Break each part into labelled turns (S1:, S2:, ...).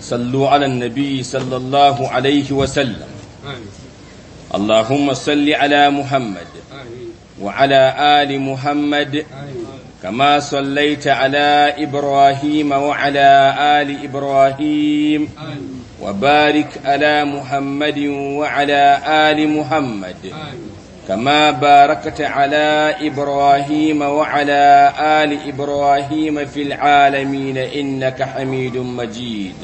S1: صلوا على النبي صلى الله عليه وسلم اللهم صل على محمد وعلى آل محمد كما صليت على إبراهيم وعلى آل إبراهيم وبارك على محمد وعلى آل محمد كما باركت على إبراهيم وعلى آل إبراهيم في العالمين إنك حميد مجيد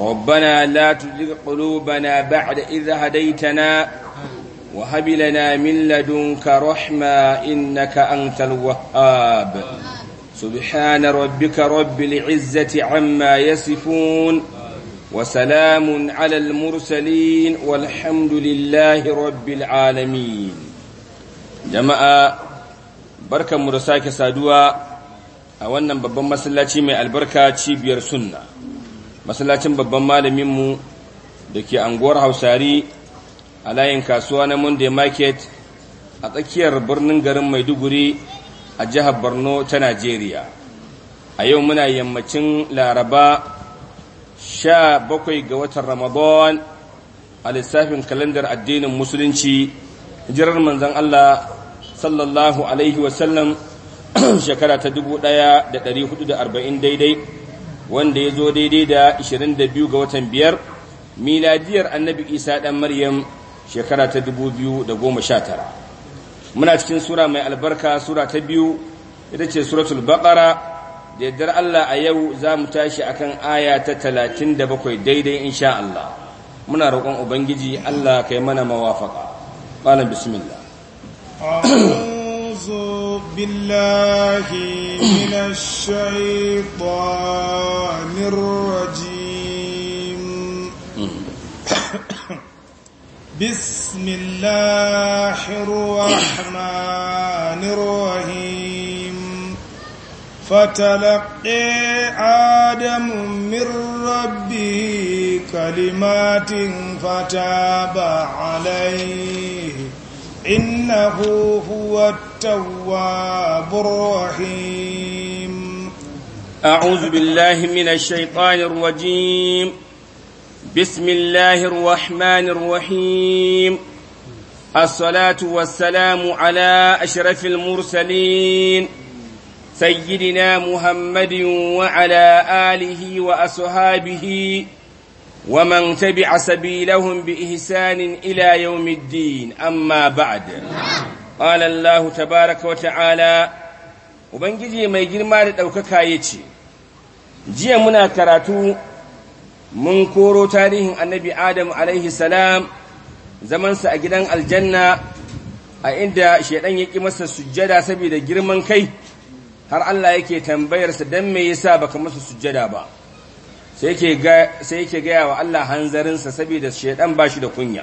S1: ربنا لا تزغ قلوبنا بعد إذ هديتنا وهب لنا من لدنك رحمة إنك أنت الوهاب سبحان ربك رب العزة عما يصفون وسلام على المرسلين والحمد لله رب العالمين جماعة بركة مرساك سادوا أولا ببا مسلاتي من البركة تشيبير سنة مسلاتي ببا مال ممو دكي أنغور هوساري على ينكاسوانا من دي ماكت a tsakiyar birnin garin maiduguri a jihar borno ta najeriya a yau muna yammacin laraba sha bakwai ga watan Ramadan a lissafin kalandar addinin musulunci hijirar manzan Allah sallallahu alaihi wasallam shekara ta dubu ɗaya da ɗari hudu da arba'in daidai wanda ya zo daidai da ishirin da biyu ga watan biyar miladiyar annabi isa ɗan maryam shekara ta dubu biyu da goma sha tara muna cikin sura mai albarka sura ta biyu ita ce suratul bakara da yaddar Allah a yau za mu tashi akan aya ta talatin da bakwai daidai insha Allah muna roƙon ubangiji Allah kai mana mawafaka malam bismillah
S2: أعوذ بالله من الشيطان الرجيم بسم الله الرحمن الرحيم فتلقي آدم من ربه كلمات فتاب عليه إنه هو التواب الرحيم
S1: أعوذ بالله من الشيطان الرجيم بسم الله الرحمن الرحيم الصلاة والسلام على أشرف المرسلين سيدنا محمد وعلى آله وأصحابه ومن تبع سبيلهم بإحسان إلى يوم الدين أما بعد قال الله تبارك وتعالى Ubangiji mai girma da ɗaukaka ya ce, Jiya muna karatu mun koro tarihin annabi Adamu alaihi salam zamansa a gidan aljanna a inda shaidan ya ƙi masa sujjada saboda girman kai. har Allah yake tambayarsa don me yasa baka masa sujjada ba sai yake gaya wa Allah hanzarinsa saboda shaidan ba shi da kunya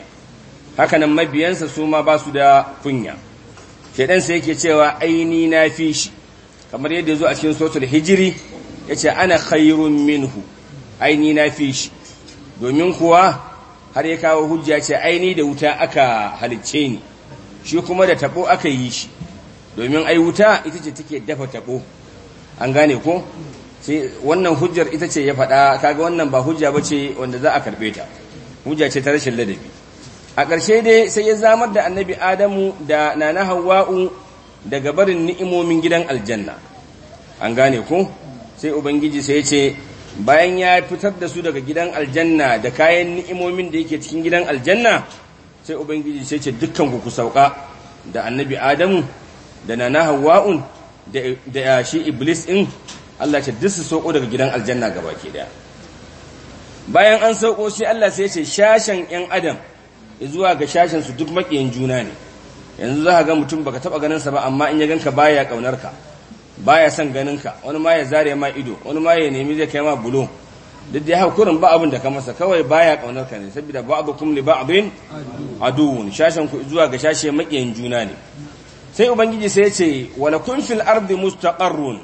S1: hakanan mabiyansa su ma ba su da kunya shaidan sai yake cewa aini na fi shi kamar yadda zo a cikin sotul hijiri ya ce ana khairun minhu aini na fi shi domin kuwa har ya kawo hujja ce aini da wuta aka halicce ni shi kuma da taɓo aka yi shi domin ai wuta ita ce take dafa tabo an gane ko sai wannan hujjar ita ce ya faɗa kaga wannan ba hujja ce wanda za a karbe ta hujja ce ta rashin ladabi a ƙarshe dai sai ya zamar da annabi adamu da nana hawa'u daga barin ni'imomin gidan aljanna an gane ko sai ubangiji sai ya ce bayan ya fitar da su daga gidan aljanna da kayan ni'imomin da yake cikin gidan aljanna sai ubangiji sai ce dukkan ku ku sauka da annabi adamu da na hawa'un da eh, shi iblis in Allah ce duk su soko daga gidan aljanna ke daya bayan an sauko sai Allah sai ce shashan ‘yan adam zuwa ga shashan su duk makiyin juna ne yanzu za ka ga mutum baka taba ganin sa ba amma in ya ganka baya kaunar ka baya son ka wani ma ya zare ma ido wani ma ya nemi zai kai ma bulo duk da hakurin ba abin da ka masa kawai baya kaunar ka ne saboda ba abu kumli ba abin aduwun shashan ku zuwa ga shashe makiyin juna ne sai ubangiji sai ce walakun fil ardi mustaqarrun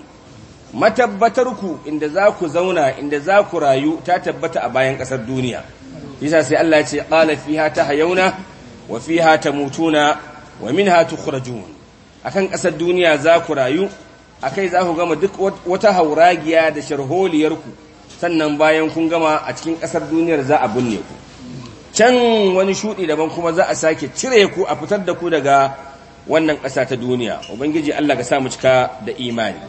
S1: matabbatarku inda za ku zauna inda za ku rayu ta tabbata a bayan ƙasar duniya yasa sai Allah ya ce qala fiha tahyauna wa fiha tamutuna wa minha tukhrajun akan ƙasar duniya za ku rayu akai za ku gama duk wata hauragiya da sharholiyar ku sannan bayan kun gama a cikin ƙasar duniyar za a binne ku can wani shudi daban kuma za a sake cire ku a fitar da ku daga wannan ƙasa ta duniya ubangiji Allah ka sa mu cika da imani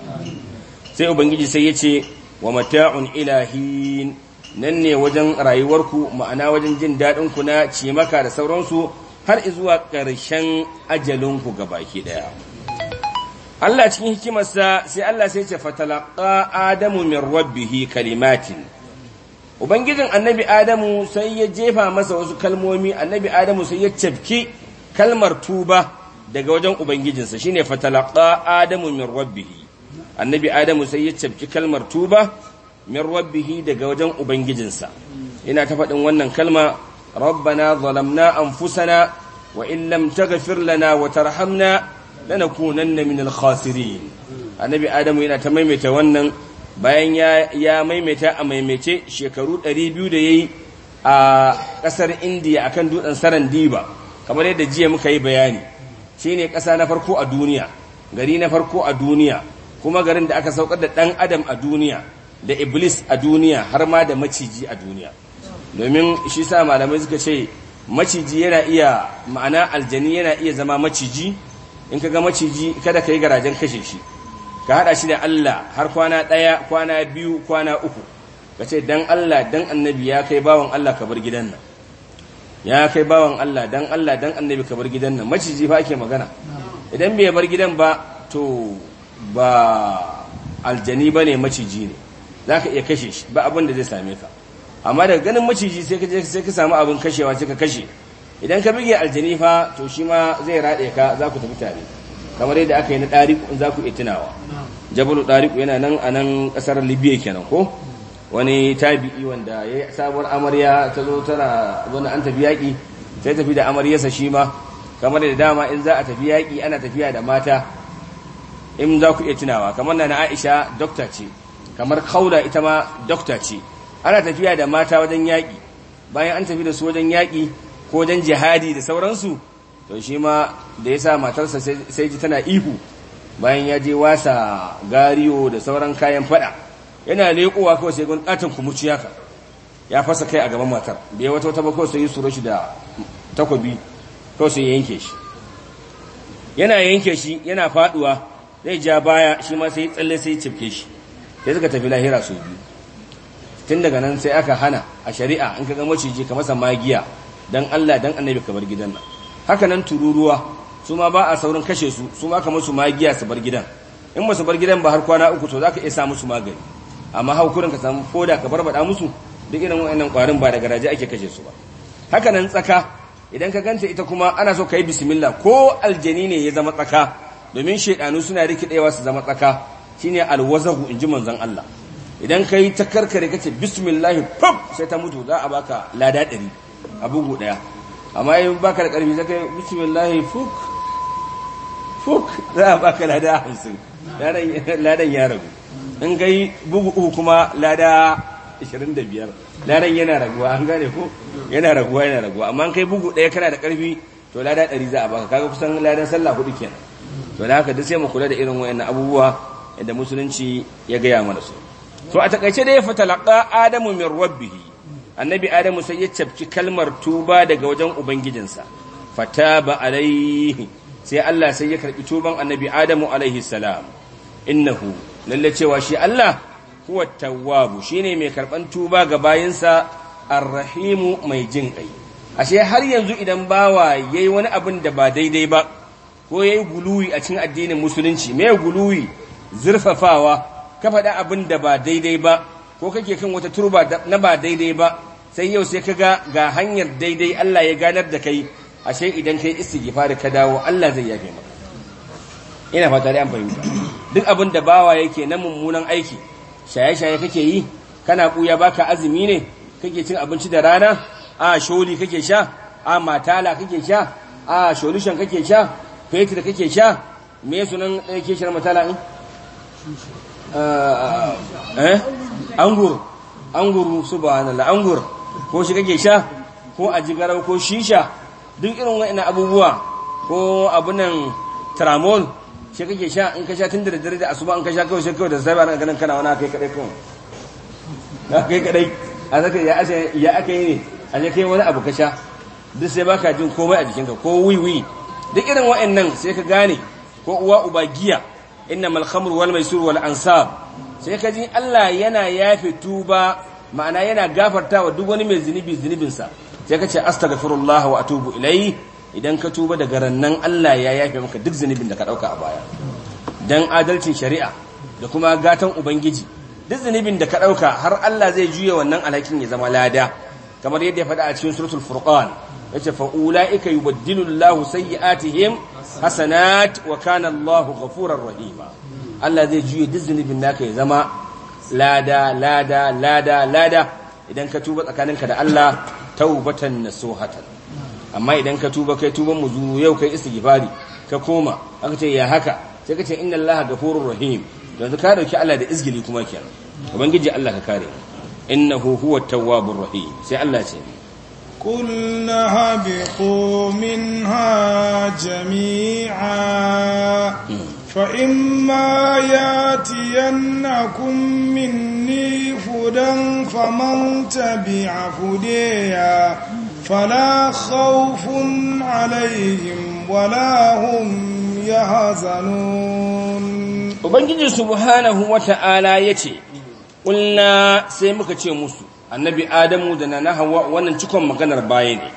S1: sai ubangiji sai yace, wa mata'un ilahin nan ne wajen rayuwarku ma'ana wajen jin daɗin ku na cimaka da sauransu har zuwa ƙarshen ajalinku ga baki ɗaya Allah cikin hikimarsa sai Allah sai ce fatalaqa adamu min rabbihi kalimatin Ubangijin annabi Adamu sai ya jefa masa wasu kalmomi, annabi Adamu sai ya cafki kalmar tuba daga wajen ubangijinsa shine fatalaƙa adamu min rabbihi annabi adamu sai ya cafki kalmar tuba min rabbihi daga wajen ubangijinsa ina ta faɗin wannan kalma rabbana zalamna anfusana wa in lam taghfir lana wa tarhamna lanakunanna min al-khasirin annabi adamu yana ta maimaita wannan bayan ya ya maimaita a maimaice shekaru 200 da yayi a kasar indiya akan dutsen sarandiba kamar yadda jiya muka yi bayani Shi ne ƙasa na farko a duniya gari na farko a duniya kuma garin da aka saukar da ɗan adam a duniya da iblis a duniya har ma da maciji a duniya domin shi sa malamai suka ce maciji yana iya ma'ana aljani yana iya zama maciji in ka ga maciji kada ka yi garajen kashe shi ka haɗa shi da Allah har kwana ɗaya kwana biyu kwana uku ka ce don Allah don annabi ya kai bawan Allah ka bar gidan nan ya kai bawan Allah dan Allah dan annabi ka bar gidan nan maciji fa ake magana idan bai bar gidan ba to ba aljani ba ne maciji ne za ka iya kashe shi ba abin da zai same ka amma daga ganin maciji sai ka je sai ka samu abin kashewa sai ka kashe idan ka bige aljani fa to shi ma zai rade ka za ku tafi tare kamar yadda aka yi na dariku in za ku iya tunawa jabalu dariku yana nan a nan kasar libya kenan ko wani tabi'i wanda ya yi sabuwar amarya ta zo tana zuwa an tafi yaƙi sai tafi da amaryarsa shi ma kamar da dama in za a tafi yaƙi ana tafiya da mata in za ku iya tunawa kamar na aisha dokta ce kamar kauda ita ma dokta ce ana tafiya da mata wajen yaƙi bayan an tafi da su wajen yaƙi ko wajen jihadi da sauransu to shi ma da ya sa matarsa sai ji tana ihu bayan ya je wasa gariyo da sauran kayan faɗa. yana leƙowa kawai sai gun ɗatin kumuciya ka ya fasa kai a gaban matar bai wata wata ba kawai sai yi suro shi da takobi kawai sai yanke shi yana yanke shi yana faduwa zai ja baya shi ma sai tsalle sai cifke shi sai suka tafi lahira su biyu tun daga nan sai aka hana a shari'a in ka ga maciji ka masa magiya dan Allah dan annabi ka bar gidan nan haka nan tururuwa su ma ba a saurin kashe su su ma ka musu magiya su bar gidan in ba su bar gidan ba har kwana uku to zaka iya sa musu magani amma haukurin ka samu foda ka barbada musu duk irin wa'annan kwarin ba da garaje ake kashe su ba haka nan tsaka idan ka ganta ita kuma ana so ka yi bismillah ko aljani ne ya zama tsaka domin shaidanu suna rikidewa su zama tsaka shine alwazahu inji manzon Allah idan ka yi ta karkare ka ce bismillah pop sai ta mutu za a baka lada ɗari a bugu ɗaya amma yi baka da ƙarfi sai yi bismillah fuk fuk za a baka lada hamsin ladan ya rabu in kai bugu uku kuma lada 25 ladan yana raguwa an gane ko yana raguwa yana raguwa amma kai bugu ɗaya kana da ƙarfi to lada 100 za a baka kaga kusan ladan sallah hudu kenan to da haka duk sai mu kula da irin wayannan abubuwa da musulunci ya gaya mana su to a takaice dai fa talaqa adamu min rabbih annabi adamu sai ya cafki kalmar tuba daga wajen ubangijinsa fataba alaihi sai Allah sai ya karbi tuban annabi adamu alaihi salam innahu lalle cewa shi Allah huwa tawwabu shine mai karban tuba ga bayinsa arrahimu mai jin kai ashe har yanzu idan bawa yayi wani abin da ba daidai ba ko yayi guluwi a cikin addinin musulunci me guluwi zurfafawa ka faɗa abin da ba daidai ba ko kake kan wata turba na ba daidai ba sai yau sai kaga ga hanyar daidai Allah ya ganar da kai ashe idan kai istighfar ka dawo Allah zai yafe maka ina fata dai an fahimta duk abin da bawa yake na mummunan aiki shaye-shaye kake yi kana buya baka azumi ne kake cin abinci da rana a sholi kake sha a matala kake sha a sholishan kake sha fetur kake sha me sunan eh, ke shirin matala in? Eh, eh, eh angur angur subhanallah angur ko shi kake sha ko ajigarau ko shisha duk irin wa'ina abubuwa ko abunan tramol shi kake sha in ka sha tun da dare da asuba in ka sha kawai kawai da zaba ran ganin kana wani kai kadai kawai na kai kadai a zaka ya ashe ya aka yi ne a ne kai wani abu ka sha duk sai baka jin komai a jikinka ko wiwi duk irin wa'annan sai ka gane ko uwa uba giya mal khamru wal maisur wal ansab sai ka ji Allah yana yafe tuba ma'ana yana gafartawa duk wani mai zunubi zunubinsa sai ka ce astaghfirullah wa atubu ilayhi idan ka tuba daga rannan Allah ya yafe maka duk zunubin da ka dauka a baya dan adalcin shari'a da kuma gatan ubangiji duk zunubin da ka dauka har Allah zai juye wannan alhakin ya zama lada kamar yadda ya faɗa a cikin suratul furqan yace fa ulaika yubaddilu Allahu sayyi'atihim hasanat wa kana Allahu ghafurar rahima Allah zai juye duk zunubin naka ya zama lada lada lada lada idan ka tuba tsakaninka da Allah tawbatan nasuhatan amma idan ka tuba kai tuban muzuru yau kai istighfari ka koma aka ce ya haka sai ka ce inna allaha gafurur rahim yanzu ka dauki Allah da izgili kuma kenan ubangiji Allah ka kare innahu huwat tawwabur rahim sai Allah ce
S2: قلنا هبطوا منها جميعا فإما ياتينكم مني فدا فمن تبع فديا فلا خوف عليهم ولا هم yahzanun
S1: ubangiji subhanahu wata'ala yace 'Ƙulla sai muka ce musu annabi adamu da nana hawa wannan cikon maganar baya ne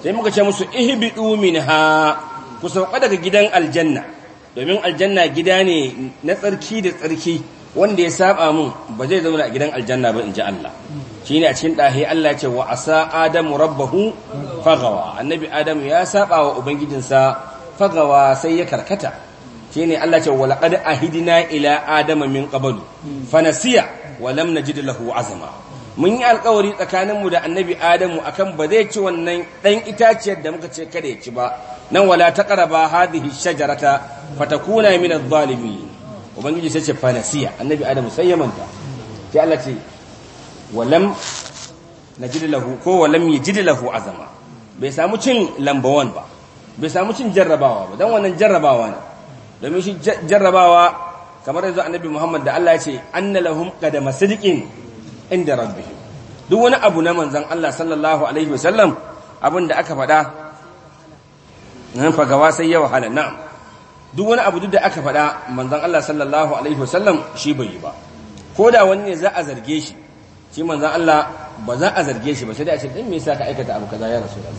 S1: sai muka ce musu ihbidu minha ku sauka daga gidan aljanna domin aljanna gida ne na tsarki da tsarki wanda ya saba mun ba zai zauna a gidan aljanna ba in ji Allah ne a cikin dahi Allah ya ce wa asa adamu rabbahu fagawa annabi adamu ya saba wa ubangijinsa fagawa sai ya karkata ne Allah ya ce wa laqad ahidna ila adama min qablu fanasiya wa lam najid lahu azama mun yi alkawari tsakaninmu da annabi adamu akan ba zai ci wannan ɗan itaciyar da muka ce kada ya ci ba nan wala ta ƙaraba hadhihi shajarata fatakuna min adh ubangiji sai ce fanasiya annabi adamu sai ya manta sai Allah ce walam najid lahu ko walam yajid lahu azama bai samu cin lamba 1 ba bai samu cin jarrabawa ba dan wannan jarrabawa ne domin shi jarrabawa kamar yanzu annabi Muhammad da Allah ya ce anna lahum qadama sidqin inda rabbihim duk wani abu na manzon Allah sallallahu alaihi wasallam abin da aka faɗa nan fagawa sai ya wahala na'am duk wani abu duk da aka faɗa manzon Allah sallallahu alaihi wasallam shi bai yi ba ko da wani ne za a zarge shi shi manzon Allah ba za a zarge shi ba sai dai a ce din me yasa ka aikata abu kaza ya rasulullah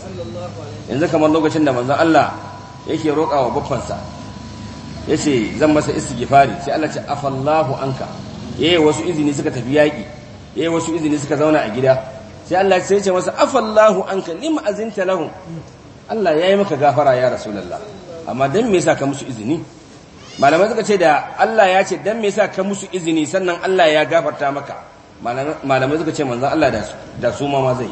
S1: yanzu kamar lokacin da manzon Allah yake roƙawa baffansa yace zan masa istighfari sai Allah ce afallahu anka yayi wasu izini suka tafi yaƙi yayi wasu izini suka zauna a gida sai Allah sai ya ce masa afallahu anka lima azinta lahum Allah yayi maka gafara ya rasulullah amma dan me yasa ka musu izini malamai suka ce da Allah ya ce dan me yasa ka musu izini sannan Allah ya gafarta maka malamai suka ce manzon Allah da su ma zai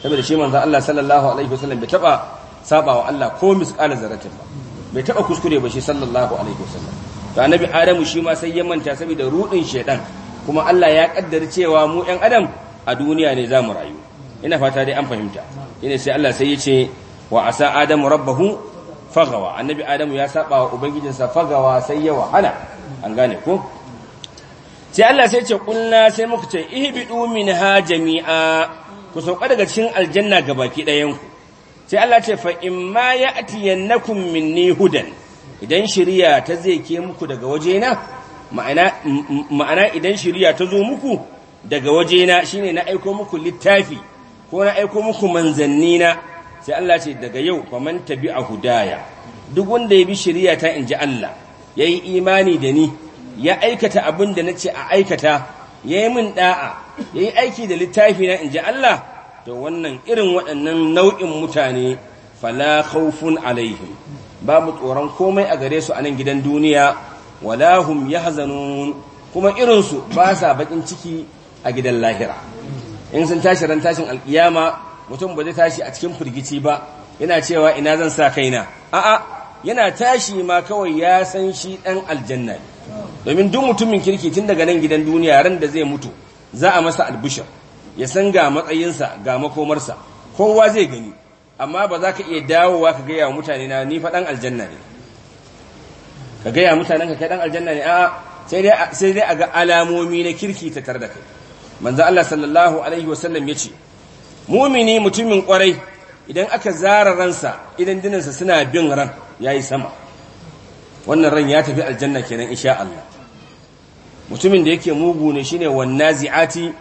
S1: saboda shi manzon Allah sallallahu alaihi wasallam bai taba saba wa Allah ko misqala zaratin ba bai taba kuskure ba shi sallallahu alaihi wasallam to annabi Adamu shi ma sai ya manta saboda rudin shedan kuma Allah ya kaddara cewa mu ɗan adam a duniya ne za mu rayu ina fata dai an fahimta ina sai Allah sai ya ce wa asa adamu rabbahu fagawa annabi adamu ya saba wa ubangijinsa fagawa sai ya wahala an gane ko sai Allah sai ce kulna sai muku ce ihbidu minha jami'a ku sauka daga cikin aljanna gabaki ɗayan ku sai Allah ce fa in ma imma min minni hudan idan shiriya ta zai ke muku daga wajena ma'ana ma'ana idan shiriya ta zo muku daga waje na shine na aiko muku littafi ko na aiko muku na. sai Allah ce daga yau faman a hudaya duk wanda ya bi shari'a ta inji Allah ya yi imani da ni ya aikata abin da na ce a aikata ya yi min da'a yi aiki da littafi na inji Allah to wannan irin waɗannan nau'in mutane fala khawfun alaihim babu tsoron komai a gare su a nan gidan duniya wala hum yahzanun kuma irinsu ba sa bakin ciki a gidan lahira in sun tashi ran tashin alkiyama mutum ba zai tashi a cikin firgici ba yana cewa ina zan sa kaina a'a yana tashi ma kawai ya san shi dan aljanna domin duk mutumin kirki tun daga nan gidan duniya ran da zai mutu za a masa albushar ya san ga matsayinsa ga makomarsa kowa zai gani amma ba za ka iya dawowa ka gaya wa mutane na ni dan aljanna ne ka gaya mutanen ka kai ɗan aljanna ne a sai dai a ga alamomi na kirki ta tar da kai manzo Allah sallallahu alaihi wasallam ya ce mumini mutumin kwarai idan aka zara ransa idan dinansa suna bin ran yayi sama wannan ran ya tafi aljanna kenan insha Allah mutumin da yake mugu ne shine wannazi'ati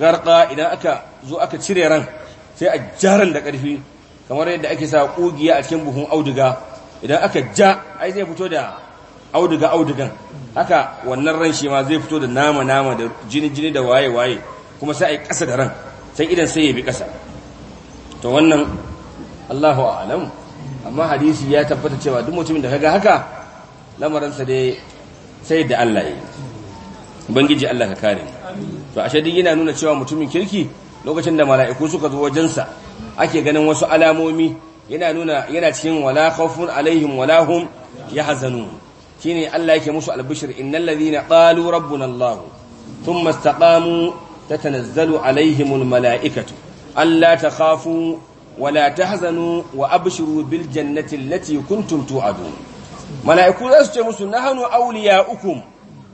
S1: garqa idan aka zo aka cire ran sai a jaran da karfi kamar yadda ake sa kugiya a cikin buhun auduga idan aka ja ai zai fito da auduga audugan haka wannan ran shi ma zai fito da nama nama da jini jini da waye waye kuma sai ai kasa da ran sai idan sai ya bi ƙasa to wannan Allahu a'lam amma hadisi ya tabbata cewa duk mutumin da kaga haka lamarinsa dai sai da Allah ya ubangiji Allah ka kare to ashe duk yana nuna cewa mutumin kirki lokacin da mala'iku suka zo wajensa ake ganin wasu alamomi yana nuna yana cikin wala khawfun alaihim wala hum yahzanun shine Allah yake musu albishir innal ladhina qalu rabbuna Allah thumma istaqamu tatanazzalu alaihimul mala'ikatu alla takhafu wala tahzanu wa abshiru bil jannati allati kuntum tu'adun mala'iku za ce musu nahnu awliya'ukum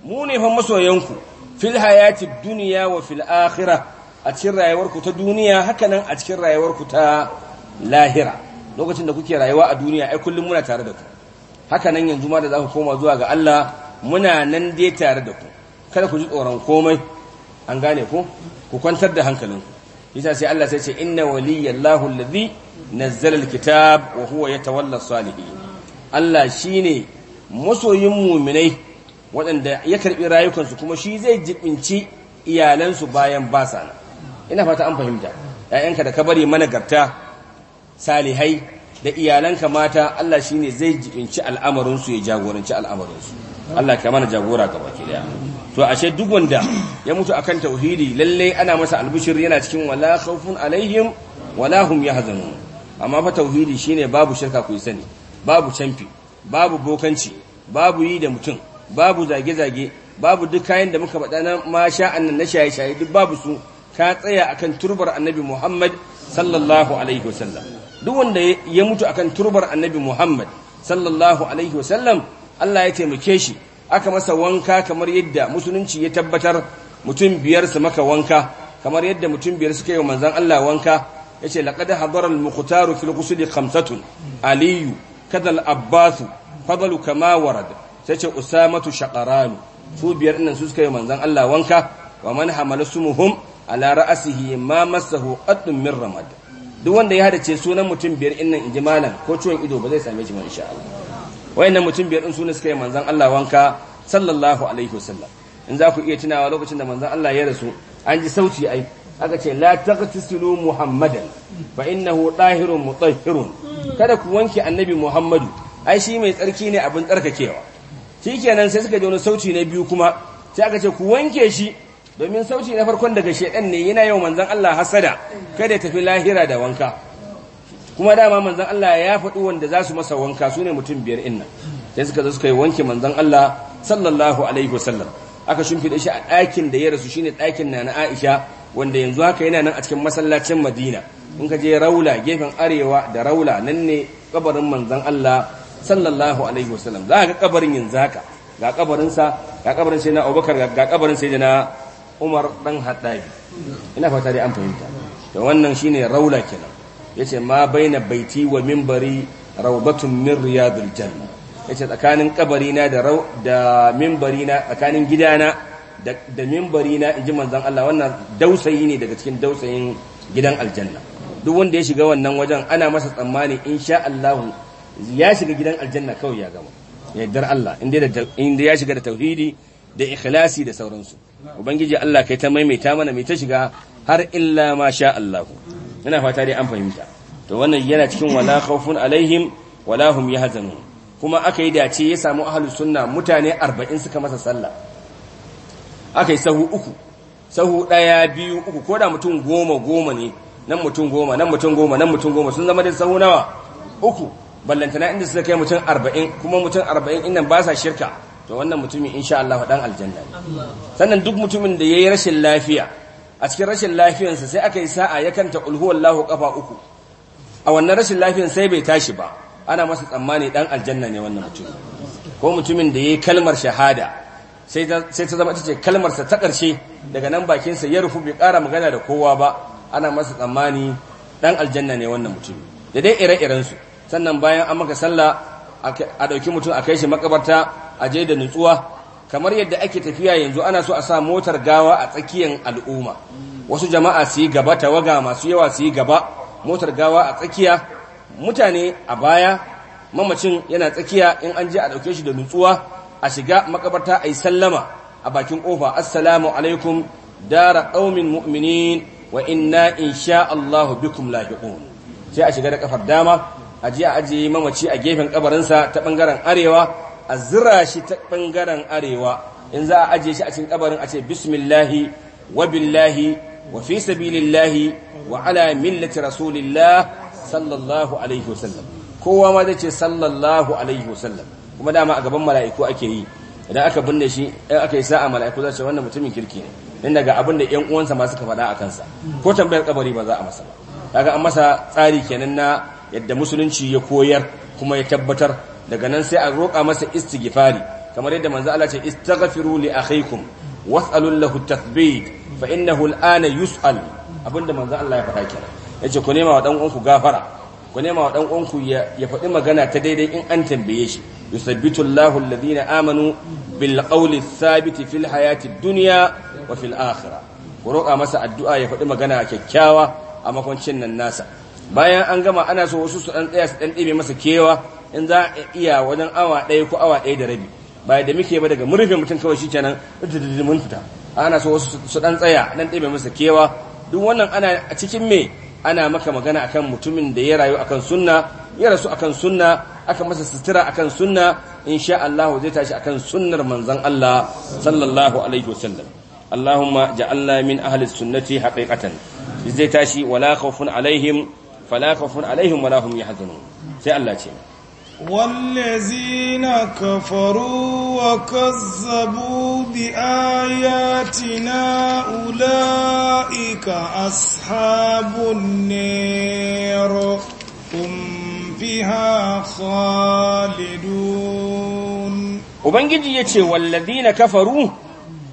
S1: mu ne fa masoyanku fil hayati dunya wa fil akhirah a cikin rayuwarku ta duniya hakanan a cikin rayuwarku ta lahira lokacin da kuke rayuwa a duniya ai kullum muna tare da ku hakanan yanzu ma da za ku koma zuwa ga Allah muna nan dai tare da ku kada ku ji tsoron komai an gane ku ku kwantar da hankalinku yasa sai Allah sai ce inna waliyallahu allazi nazzala alkitab wa huwa yatawalla salihin Allah shine masoyin mu'minai waɗanda ya karbi rayukansu kuma shi zai jibinci iyalansu bayan ba na ina fata an fahimta ƴaƴanka da ka bari mana garta salihai da iyalanka mata Allah shine zai jibinci su ya jagoranci al'amarin su Allah ka mana jagora gaba ki daya to ashe duk wanda ya mutu akan tauhidi lalle ana masa albushir yana cikin wala khawfun alaihim wala hum yahzanun amma fa tauhidi shine babu shirka ku sani babu canfi babu bokanci babu yi da mutum babu zage zage babu duk kayan da muka faɗa na masha annan na shaye shaye duk babu su ka tsaya akan turbar annabi Muhammad sallallahu alaihi wasallam duk wanda ya mutu akan turbar annabi Muhammad sallallahu alaihi wasallam Allah ya taimake shi aka masa wanka kamar yadda musulunci ya tabbatar mutum biyar su maka wanka kamar yadda mutum biyar suka yi wa manzan Allah wanka ya ce laƙad hadar al-muqtaru fil ghusli khamsatun aliyu kadal abbasu fadalu kama warad sai ce usamatu shaqaranu su biyar nan su suka yi manzan Allah wanka wa man hamala sumuhum ala ra'sihi ma masahu qatun min ramad duk wanda ya hadace sunan mutum biyar innan inji malam ko ciwon ido ba zai same shi ba insha Allah wayannan mutum biyar din sunan suka yi manzon Allah wanka sallallahu alaihi wasallam in za ku iya tunawa lokacin da manzan Allah ya rasu an ji sauti ai aka ce la taqtisilu muhammadan fa innahu tahirun mutahhirun kada ku wanke annabi muhammadu ai shi mai tsarki ne abin tsarkakewa shikenan sai suka ji wani sauti na biyu kuma sai aka ce ku wanke shi domin sauci na farkon daga shedan ne yana yau manzon Allah hasada kada tafi lahira da wanka kuma dama manzan Allah ya faɗi wanda za su masa wanka su ne mutum biyar inna sai suka zo suka yi wanke manzan Allah sallallahu alaihi wasallam aka shimfiɗa shi a ɗakin da ya rasu shine ɗakin na na Aisha wanda yanzu haka yana nan a cikin masallacin Madina in ka je Raula gefen arewa da Raula nan ne kabarin manzan Allah sallallahu alaihi wasallam za ka kabarin yanzu haka ga kabarinsa ga kabarin sai na Abubakar ga kabarin sai na Umar dan Hattabi ina fata dai an fahimta to wannan shine Raula kenan yace ma baina baiti wa mimbari rawdatun min riyadul janna yace tsakanin kabarina da mimbarina tsakanin gidana da mimbarina na ji manzan Allah wannan dausayi ne daga cikin dausayin gidan aljanna duk wanda ya shiga wannan wajen ana masa tsammani in sha Allah ya shiga gidan aljanna kawai ya gama ya dar Allah inda ya shiga da tauhidi da ikhlasi da sauransu ubangiji Allah kai ta maimaita mana mai ta shiga har illa ma sha Allah ina fata dai an fahimta to wannan yana cikin wala khawfun alaihim wala hum yahzanun kuma aka dace ya samu ahlus sunna mutane 40 suka masa sallah aka sahu uku sahu daya biyu uku ko da mutum goma goma ne nan mutum goma nan mutum goma nan mutum goma sun zama da sahu nawa uku ballantana inda suka kai mutum 40 kuma mutum 40 innan ba sa shirka to wannan mutumin insha Allah dan aljanna ne sannan duk mutumin da yayi rashin lafiya a cikin rashin lafiyarsa sai aka yi sa'a ya kanta lahu kafa uku a wannan rashin lafiyar sai bai tashi ba ana masa tsammani ɗan aljanna ne wannan mutum ko mutumin da ya yi kalmar shahada sai ta zama ita ce kalmarsa ta ƙarshe daga nan bakinsa ya rufu bai ƙara magana da kowa ba ana masa tsammani ɗan aljanna ne wannan mutum da dai ire-irensu sannan bayan an maka sallah a ɗauki mutum a kai shi makabarta a je da nutsuwa kamar yadda ake tafiya yanzu ana so a sa motar gawa a tsakiyar al'umma wasu jama'a su yi gaba tawaga masu yawa su yi gaba motar gawa a tsakiya mutane a baya mamacin yana tsakiya in an je a ɗauke shi da nutsuwa a shiga makabarta a yi sallama a bakin ƙofa assalamu alaikum dara ƙaumin mu'minin wa inna sha Allah bikum lahiqun sai a shiga da kafar dama a je a ajiye mamaci a gefen kabarinsa ta bangaren arewa a zira shi ta ɓangaren arewa in za a ajiye shi a cikin kabarin a ce bismillahi wa billahi wa fi sabilillahi wa ala millati rasulillah sallallahu alaihi wasallam kowa ma zai ce sallallahu alaihi wasallam kuma dama a gaban mala'iku ake yi idan aka binne shi in aka yi sa'a mala'iku za ce wannan mutumin kirki ne inda ga abin da ƴan uwansa masu suka faɗa a kansa ko tambayar kabari ba za a masa ba kaga an masa tsari kenan na yadda musulunci ya koyar kuma ya tabbatar daga nan sai a roƙa masa istighfari kamar yadda manzo Allah ce istaghfiru li akhikum was'alu lahu tathbit fa innahu al'ana yus'al abinda manzo Allah ya faɗa kenan yace ku nema wa dan uwanku gafara ku nema wa dan uwanku ya faɗi magana ta daidai in an tambaye shi yusabbitu Allahu alladhina amanu bil qawli thabit fil hayati dunya wa fil akhirah ku roƙa masa addu'a ya faɗi magana kyakkyawa a makwancin nan nasa bayan an gama ana so wasu su ɗan tsaya su ɗan ɗebe masa kewa in za a iya wajen awa ɗaya ko awa ɗaya da rabi ba da muke ba daga murfin mutum kawai shi kenan mun fita ana so su ɗan tsaya dan ɗeba masa kewa duk wannan ana a cikin me ana maka magana akan mutumin da ya rayu akan sunna ya rasu akan sunna aka masa sutura akan sunna insha Allah zai tashi akan sunnar manzon Allah sallallahu alaihi wasallam اللهم جعلنا من أهل السنة حقيقة زي تاشي ولا خوف عليهم فلا خوف عليهم ولا هم يحزنون سي الله
S2: والذين كفروا وكذبوا بآياتنا أولئك أصحاب النار هم فيها
S1: خالدون وبنجي يتي والذين كفروا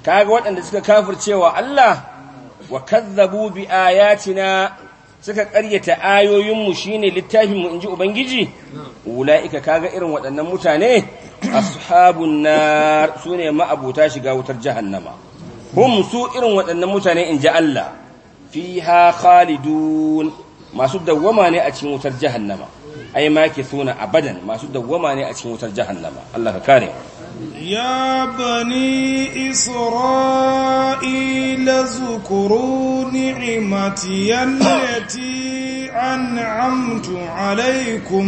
S1: كاغوات أن تسكى كافر تيوى الله وكذبوا بآياتنا suka karyata ayoyinmu shine littafinmu in ji ubangiji ula'ika kaga irin waɗannan mutane ashabun su ne ma'abuta shiga wutar jahannama hum su irin waɗannan mutane in ji Allah Fi fiha khalidun masu dawwama ne a cikin wutar jahannama ai ma ke suna abadan masu dawwama ne a cikin wutar jahannama Allah ka kare
S2: يا بني 'Alaikum, اذكروا نعمتي ahadi, أنعمت عليكم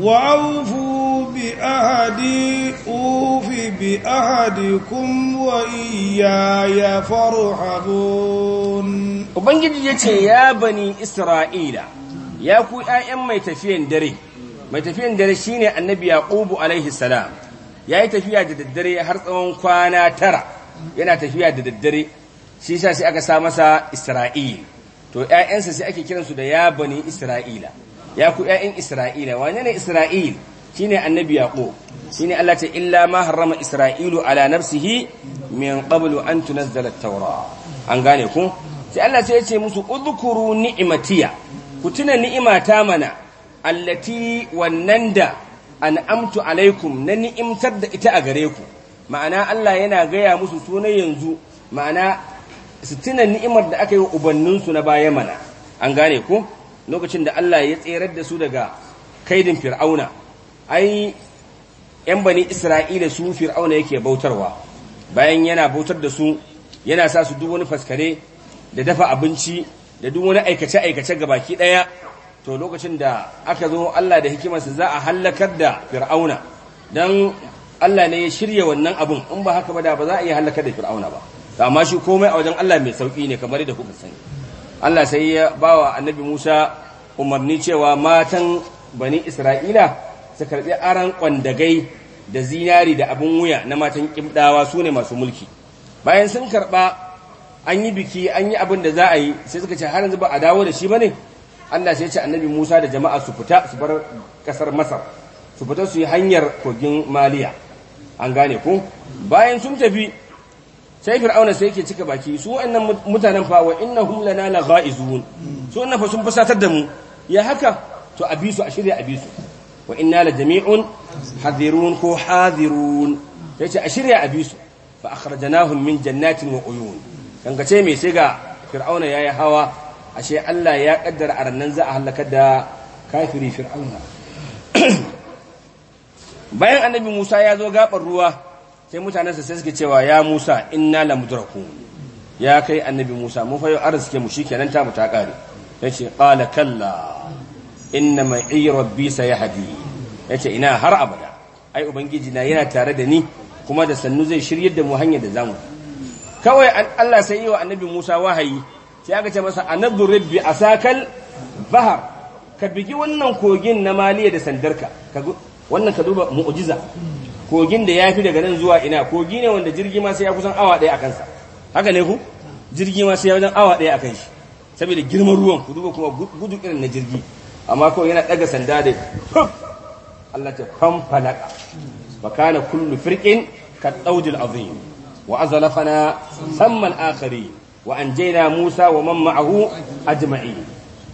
S2: وأوفوا بأهدي أوف بأهدكم وإياي فارهبون
S1: Ubangiji ya ce, Ya bani Isra'ila, ya ku ’ya'yan mai tafiyan dare, mai tafiyan dare shi ne annabi Yaƙubu alaihi salam. ya yi tafiya da daddare har tsawon kwana tara yana tafiya da daddare shi sa sai aka sa masa isra'il to ‘ya'yansa sai ake kiransu da ya bani isra'ila ya ku ‘ya'yan isra'ila wane ne isra'il shi ne annabi yaƙo shi ne allah ta illa ma harama isra'ilu ala nafsihi min qablu an tunazzala taura an gane ku sai allah sai ya ce musu udhkuru ni'matiya ku tuna ni'imata mana allati wannan da An amtu alaikum na ni'imtar da ita a gare ku ma'ana Allah yana gaya musu suna yanzu ma'ana su tuna ni'imar da aka yi wa ubanninsu na baya mana an gane ku lokacin da Allah ya tserar da su daga kaidin fir'auna ai yan bani isra'ila su fir'auna yake bautarwa bayan yana bautar da su yana sa su duk wani faskare da dafa abinci da duk wani aikace aikace gabaki ɗaya. to lokacin da aka zo Allah da hikimarsa za a hallakar da fir'auna dan Allah ne ya shirya wannan abin, in ba haka ba da ba za a iya hallakar da fir'auna ba to amma shi komai a wajen Allah mai sauki ne kamar da kuka sani Allah sai ya bawa annabi Musa umarni cewa matan bani Isra'ila su karɓi aran kwandagai da zinari da abin wuya na matan kibdawa su ne masu mulki bayan sun karɓa an yi biki an yi abin da za a yi sai suka ce har yanzu ba a dawo da shi ba ne Allah sai ya ce annabi Musa da jama'a su fita su bar kasar Masar su fita su yi hanyar kogin Maliya an gane ku bayan sun tafi sai fir'auna sai yake cika baki su wannan mutanen fa wa innahum lana laghaizun su wannan fa sun fusatar da mu ya haka to abisu a shirya abisu wa inna la jami'un hadirun ko hadirun sai ce a shirya abisu fa akhrajnahum min jannatin wa uyun dangace me sai ga fir'auna yayi hawa ashe Allah ya kaddara a rannan za a halakar da kafiri fir'auna bayan annabi Musa ya zo gabar ruwa sai mutanen sa sai suke cewa ya Musa inna la mudraku ya kai annabi Musa mun fayo arziki mu shikenan ta mu ta kare yace qala kalla inna ma'i rabbi sayahdi yace ina har abada ai ubangiji na yana tare da ni kuma da sannu zai shiryar da mu hanya da zamu kawai Allah sai yi wa annabi Musa wahayi sai aka ce masa anaddu rabbi sakal bahar ka bigi wannan kogin na maliya da sandarka wannan ka duba mu'ujiza kogin da ya fi daga nan zuwa ina kogi ne wanda jirgi ma sai ya kusan awa daya a kansa haka ne ku jirgi ma sai ya wajen awa daya kan shi saboda girman ruwan ku duba kuma gudu irin na jirgi amma kawai yana daga sanda da Allah ta kamfalaka wa kana kullu firqin ka dawjil azim wa azalafana samman akharin وأنجينا موسى ومن معه أجمعين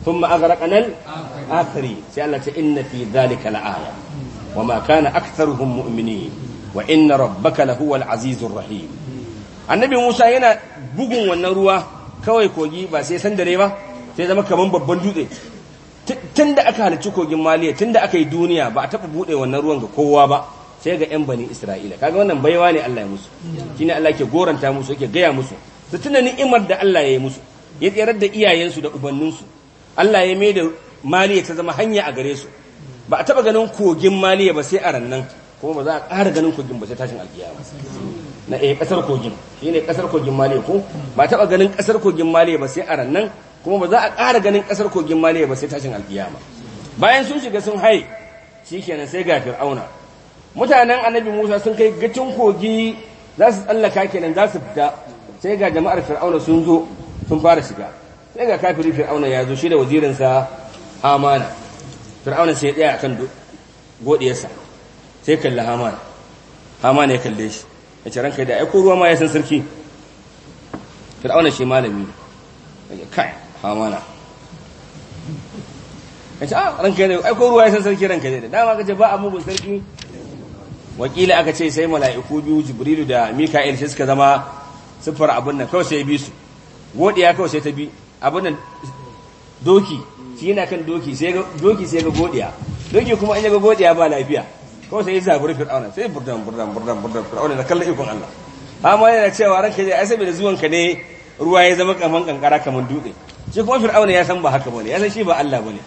S1: ثم أغرقنا الآخرين سألت إن في ذلك لآية وما كان أكثرهم مؤمنين وإن ربك لهو العزيز الرحيم annabi Musa yana bugun wannan ruwa kawai kogi ba sai sandare ba sai zama kaman babban dutse tun da aka halarci kogin maliya tun da aka yi duniya ba a taɓa buɗe wannan ruwan ga kowa ba sai ga 'yan bani isra'ila kaga wannan baiwa ne allah ya musu shine allah ke goranta musu yake gaya musu su tuna ni'imar da Allah ya yi musu ya tserar da iyayensu da ubanninsu Allah ya mai da maliya ta zama hanya a gare su ba a taba ganin kogin maliya ba sai a rannan kuma ba za a ƙara ganin kogin ba sai tashin alkiyama na eh kasar kogin shine kasar kogin maliya ko ba taba ganin kasar kogin maliya ba sai a rannan kuma ba za a ƙara ganin kasar kogin maliya ba sai tashin alkiyama bayan sun shiga sun haye shikenan sai ga fir'auna mutanen annabi Musa sun kai gatin kogi za su tsallaka kenan za su fita sai ga jama'ar fir'auna sun zo sun fara shiga sai ga kafiri fir'auna ya zo shi da wazirinsa amana fir'auna sai ɗaya akan godiyarsa sai kalli hamana hamana ya kalle shi ya ce ranka da aiko ruwa ma ya san sarki fir'auna shi malami ne kai hamana ya ce a ah, ranka da aiko ruwa ya san sarki ranka da dama ka ce ba a mugun sarki wakila aka ce sai mala'iku biyu jibrilu da mika'il shi suka zama siffar abin nan kawai sai ya bi su godiya kawai sai ta bi abin nan doki shi yana kan doki sai ga doki sai ga godiya doki kuma in ga godiya ba lafiya kawai sai ya zaburi fir'auna sai burdan burdan burdan burdan fir'auna da kallon ikon Allah amma yana cewa ranka dai ai saboda zuwan ka ne ruwa ya zama kaman kankara kaman dutse shi kuma fir'auna ya san ba haka bane ya san shi ba Allah bane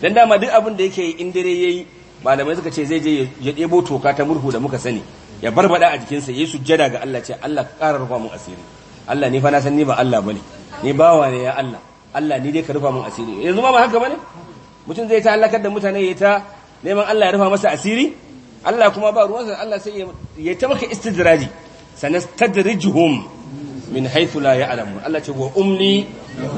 S1: dan dama duk abin da yake indire dare yayi malamai suka ce zai je ya debo toka ta murhu da muka sani ya bar barbada a jikin jikinsa yayi sujjada ga Allah ce Allah ka ƙara rufa mun asiri Allah ni fa na san ni ba Allah bane ni bawa ne ya Allah Allah ni dai ka rufa mun asiri yanzu ba ba haka bane mutum zai ta halakar da mutane ya ta neman Allah ya rufa masa asiri Allah kuma ba ruwansa Allah sai ya ta maka istidraji sanastadrijuhum min haythu la ya'lamun Allah ce wa umli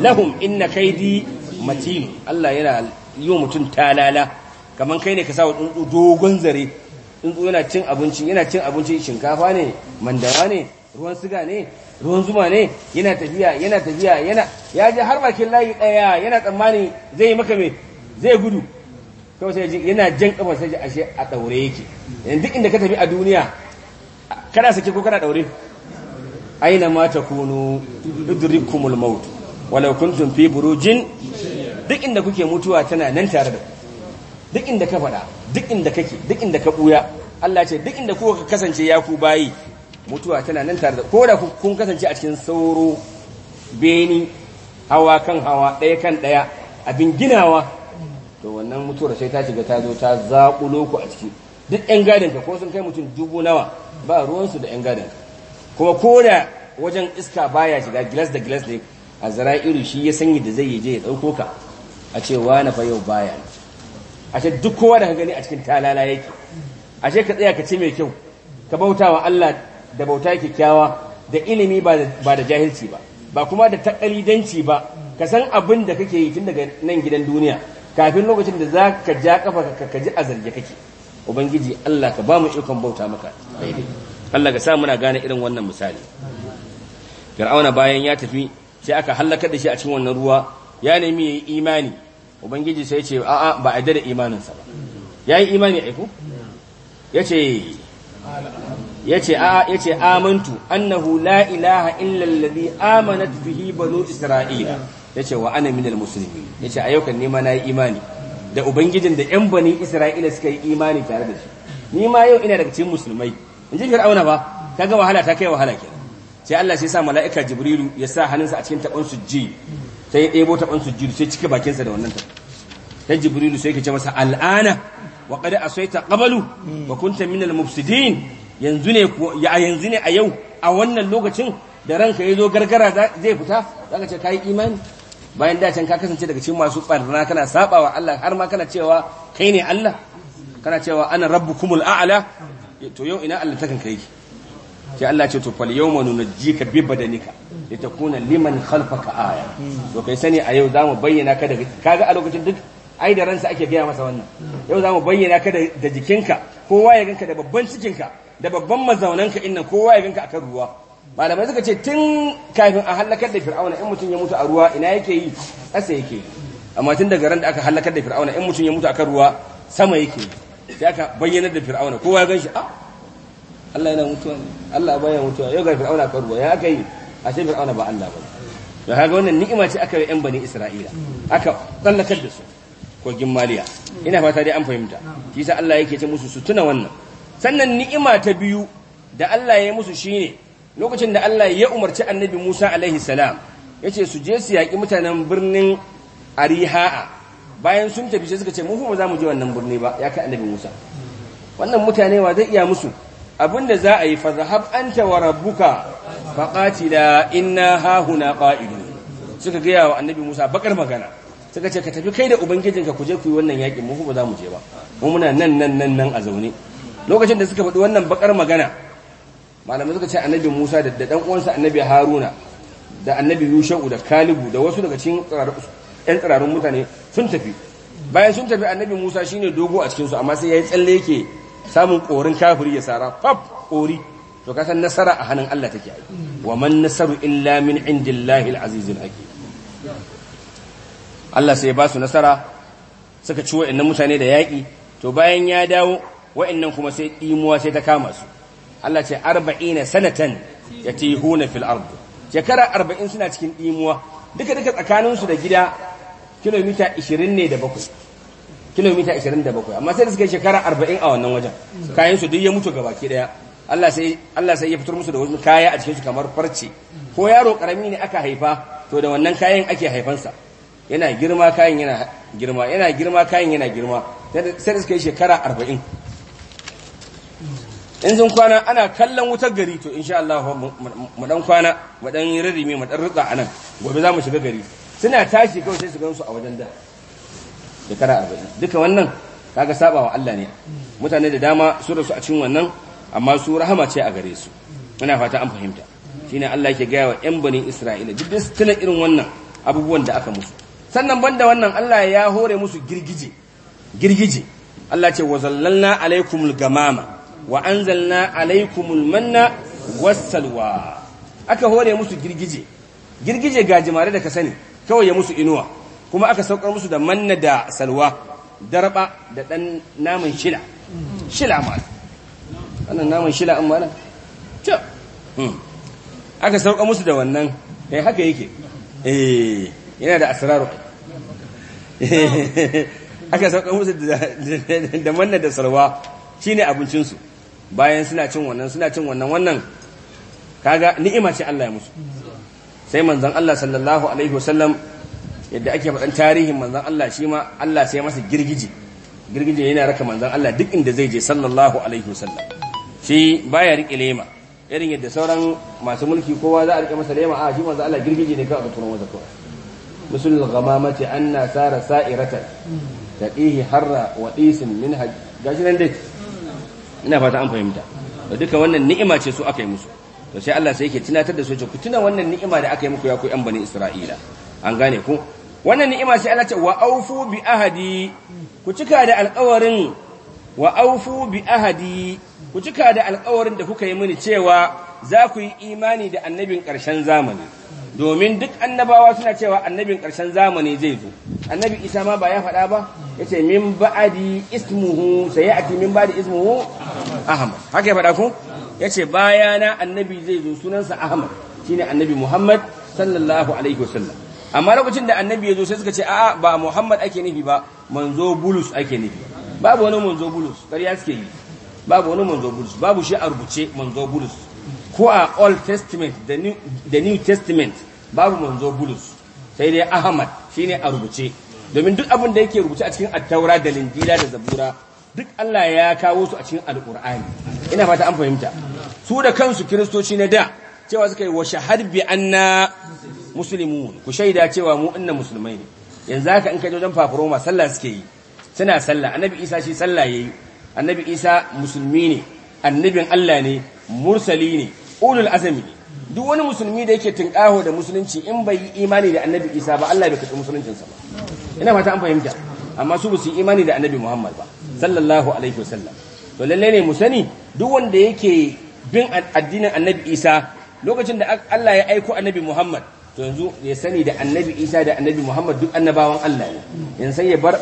S1: lahum inna kaidi matin Allah yana yi mutum talala kaman kai ne ka sa wa dogon zare tsuntsu yana cin abinci yana cin abinci shinkafa ne mandawa ne ruwan siga ne ruwan zuma ne yana tafiya yana tafiya yana ya je har bakin layi daya yana tsammani zai yi maka me zai gudu kawai sai yana jan kafa sai ji ashe a daure yake yanzu duk inda ka tafi a duniya kana sake ko kana daure aina ma takunu idrikumul maut walau kuntum fi burujin duk inda kuke mutuwa tana nan tare da duk inda ka faɗa duk inda kake duk inda ka buya Allah ce duk inda kuka kasance ya ku bayi mutuwa tana nan tare da ko da kun kasance a cikin sauro beni hawa kan hawa ɗaya kan ɗaya abin ginawa to wannan mutuwar sai ta shiga ta zo ta zaƙulo ku a ciki duk ƴan gadon ka ko sun kai mutum dubu nawa ba ruwan su da ƴan gadon kuma ko da wajen iska baya shiga gilas da gilas ne a shi ya sanya da zai je ya ɗauko ka a cewa na fa yau baya ne ashe duk kowa da ka gani a cikin talala yake ashe ka tsaya ka ci mai kyau ka bauta wa Allah da bauta kyakkyawa da ilimi ba da jahilci ba ba kuma da takalidanci ba ka san abin da kake yi tun daga nan gidan duniya kafin lokacin da za ka ja kafa ka kaji a zarge kake ubangiji Allah ka ba mu ikon bauta maka Allah ka sa muna gane irin wannan misali Fir'auna bayan ya tafi sai aka halakar da shi a cikin wannan ruwa ya nemi imani ubangiji sai ce a'a ba a da imaninsa ba ya yi imani aiku yace yace a'a ya amintu annahu la ilaha illa allazi amanat bihi banu isra'ila yace wa ana minal muslimin yace a yau kan na yi imani da ubangijin da yan bani isra'ila suka yi imani tare da shi ni ma yau ina daga cikin musulmai in ji fir'auna ba kaga wahala ta kai wahala kenan sai Allah sai sa mala'ika jibrilu ya sa hannunsa a cikin tabon sujji sai yi ɗebo taɓon jiru sai cike bakinsa da wannan taɓon ta jibrilu sai ka ce masa al'ana wa asaita asayta qablu wa minal mufsidin yanzu ne yanzu ne a yau a wannan lokacin da ranka ya zo gargara zai fita za ka ce ka yi imani bayan da can ka kasance daga cikin masu ɓarna kana sabawa Allah har ma kana cewa kai ne Allah kana cewa ana rabbukumul a'la to yau ina Allah takan kai sai Allah ce to fal yawma nunajjika bi badanika takuna liman khalfaka aya to kai sani a yau zamu bayyana ka da kaga a lokacin duk ai da ransa ake gaya masa wannan yau zamu bayyana ka da jikinka kowa ya ganka da babban cikinka da babban mazaunanka inna kowa ya ganka akan ruwa malamai suka ce tun kafin a halakar da fir'auna in mutum ya mutu a ruwa ina yake yi ƙasa yake yi amma tun daga ran da aka halakar da fir'auna in mutum ya mutu akan ruwa sama yake yi sai aka bayyanar da fir'auna kowa ya gan shi ah Allah yana mutuwa ne Allah baya mutuwa yau ga fir'auna karuwa ya aka yi ashe fir'auna ba Allah ba da haka wannan ni'ima ce aka yi yan bani Isra'ila aka tsallakar da su kogin maliya ina fata dai an fahimta shi sa Allah yake ce musu su tuna wannan sannan ni'ima ta biyu da Allah ya yi musu shine lokacin da Allah ya umarci annabi Musa alaihi salam ya ce su je su yaƙi mutanen birnin
S3: Ariha'a
S1: bayan sun tafi sai suka ce mu kuma za mu je wannan birni ba ya kai annabi Musa wannan mutane wa zai iya musu abinda za a yi fa an anta wa rabbuka ina inna hahuna ƙa’ilu suka gaya wa annabi Musa bakar magana suka ce ka tafi kai da ubangijinka ku je ku yi wannan yakin mu ba za mu je ba mu muna nan nan nan nan a zaune lokacin da suka faɗi wannan bakar magana malamai suka ce annabi Musa da dan uwansa annabi Haruna da annabi Yusha'u da Kalibu da wasu daga cikin yan tsirarun mutane sun tafi bayan sun tafi annabi Musa shine dogo a cikinsu amma sai yayi tsalle yake samun korin kafiri ya sara fab kori to ka san nasara a hannun Allah take ai wa man nasaru illa min indillahi al-azizil hakim Allah sai ba su nasara suka ci wa'annan mutane da yaƙi to bayan ya dawo wa'annan kuma sai ɗimuwa sai ta kama su Allah ce arba'ina sanatan yatihuna fil ard shekara arba'in suna cikin ɗimuwa duka duka tsakaninsu da gida kilomita 20 ne da bakwai kilomita 27 amma sai da suka yi shekara 40 a wannan wajen kayan su duk ya mutu ke daya Allah sai Allah sai ya fitar musu da wasu kaya a cikin su kamar farce ko yaro karami ne aka haifa to da wannan kayan ake haifansa yana girma kayan yana girma yana girma kayan yana girma sai da suka yi shekara 40 in sun kwana ana kallon wutar gari to insha Allah mu dan kwana mu dan rirrime mu dan rutsa anan gobe za mu shiga gari suna tashi kawai sai su su a wajen da shekara arba'in duka wannan kaga saba wa Allah ne mutane da dama su rasu a cikin wannan amma su rahama ce a gare su ina fata an fahimta shine Allah yake gaya wa yan bani Isra'ila duk da irin wannan abubuwan da aka musu sannan banda wannan Allah ya hore musu girgije girgije Allah ce wa zallalna alaikumul gamama wa anzalna alaikumul manna wassalwa aka hore musu girgije girgije ga jimare da ka sani kawai ya musu inuwa kuma aka saukar musu da manna da salwa darba da dan naman shila shila ma wannan naman shila amma na to hmm. aka saukar musu da wannan kai eh, haka yake eh yana da asraru aka saukar musu da manna da salwa shine abincin su bayan suna cin wannan suna cin wannan wannan kaga ni'ima ce Allah ya musu sai manzon Allah sallallahu alaihi wasallam yadda ake faɗan tarihin manzon Allah shi ma Allah sai masa girgije girgije yana raka manzon Allah duk inda zai je sallallahu alaihi wasallam shi baya rike lema irin yadda sauran masu mulki kowa za a rike masa lema a shi manzon Allah girgije ne kawai a turon wasa kawai musul ghamamati anna sara sa'iratan taqihi harra wa qisin min haj gashi nan dai ina fata an fahimta to duka wannan ni'ima ce su aka yi musu to sai Allah sai yake tunatar da su ku tuna wannan ni'ima da aka yi muku ya ku yan bani Isra'ila an gane ku wannan ni'ima sai Allah ce wa aufu bi ahadi ku cika da alƙawarin wa aufu bi ahadi ku cika da alƙawarin da kuka yi mini cewa za ku yi imani da annabin ƙarshen zamani domin duk annabawa suna cewa annabin ƙarshen zamani zai zo annabi isa ma ba ya faɗa ba ya ce min ba'adi ismuhu sai ya ati min ba'adi ismuhu ahmad haka ya faɗa ku ya ce bayana annabi zai zo sunansa ahmad shine annabi muhammad sallallahu alaihi wasallam amma lokacin da annabi ya zo sai suka ce a'a ba Muhammad ake nufi ba manzo bulus ake nufi babu wani manzo bulus ƙarya suke yi babu wani manzo bulus babu shi a rubuce manzo bulus ko a old testament da new testament babu manzo bulus sai dai ahmad shine a rubuce domin duk abin da yake rubuce a cikin attaura da lindila da zabura duk Allah ya kawo su a cikin alkur'ani ina fata an fahimta su da kansu kiristoci na da cewa suka yi wa shahad bi anna muslimun ku shaida cewa mu inna musulmai ne yanzu haka in ka je wajen fafuroma sallah suke yi suna sallah annabi isa shi sallah yayi annabi isa musulmi ne annabin Allah ne mursali ne ulul azami ne duk wani musulmi da yake tunkaho da musulunci in bai yi imani da annabi isa ba Allah bai karɓi sa ba ina fata an fahimta amma su ba su yi imani da annabi muhammad ba sallallahu alaihi wasallam to lalle ne mu sani duk wanda yake bin addinin annabi isa lokacin da Allah ya aiko annabi muhammad to yanzu ya sani da annabi isa da annabi muhammad duk annabawan allah ne yanzu sai ya bar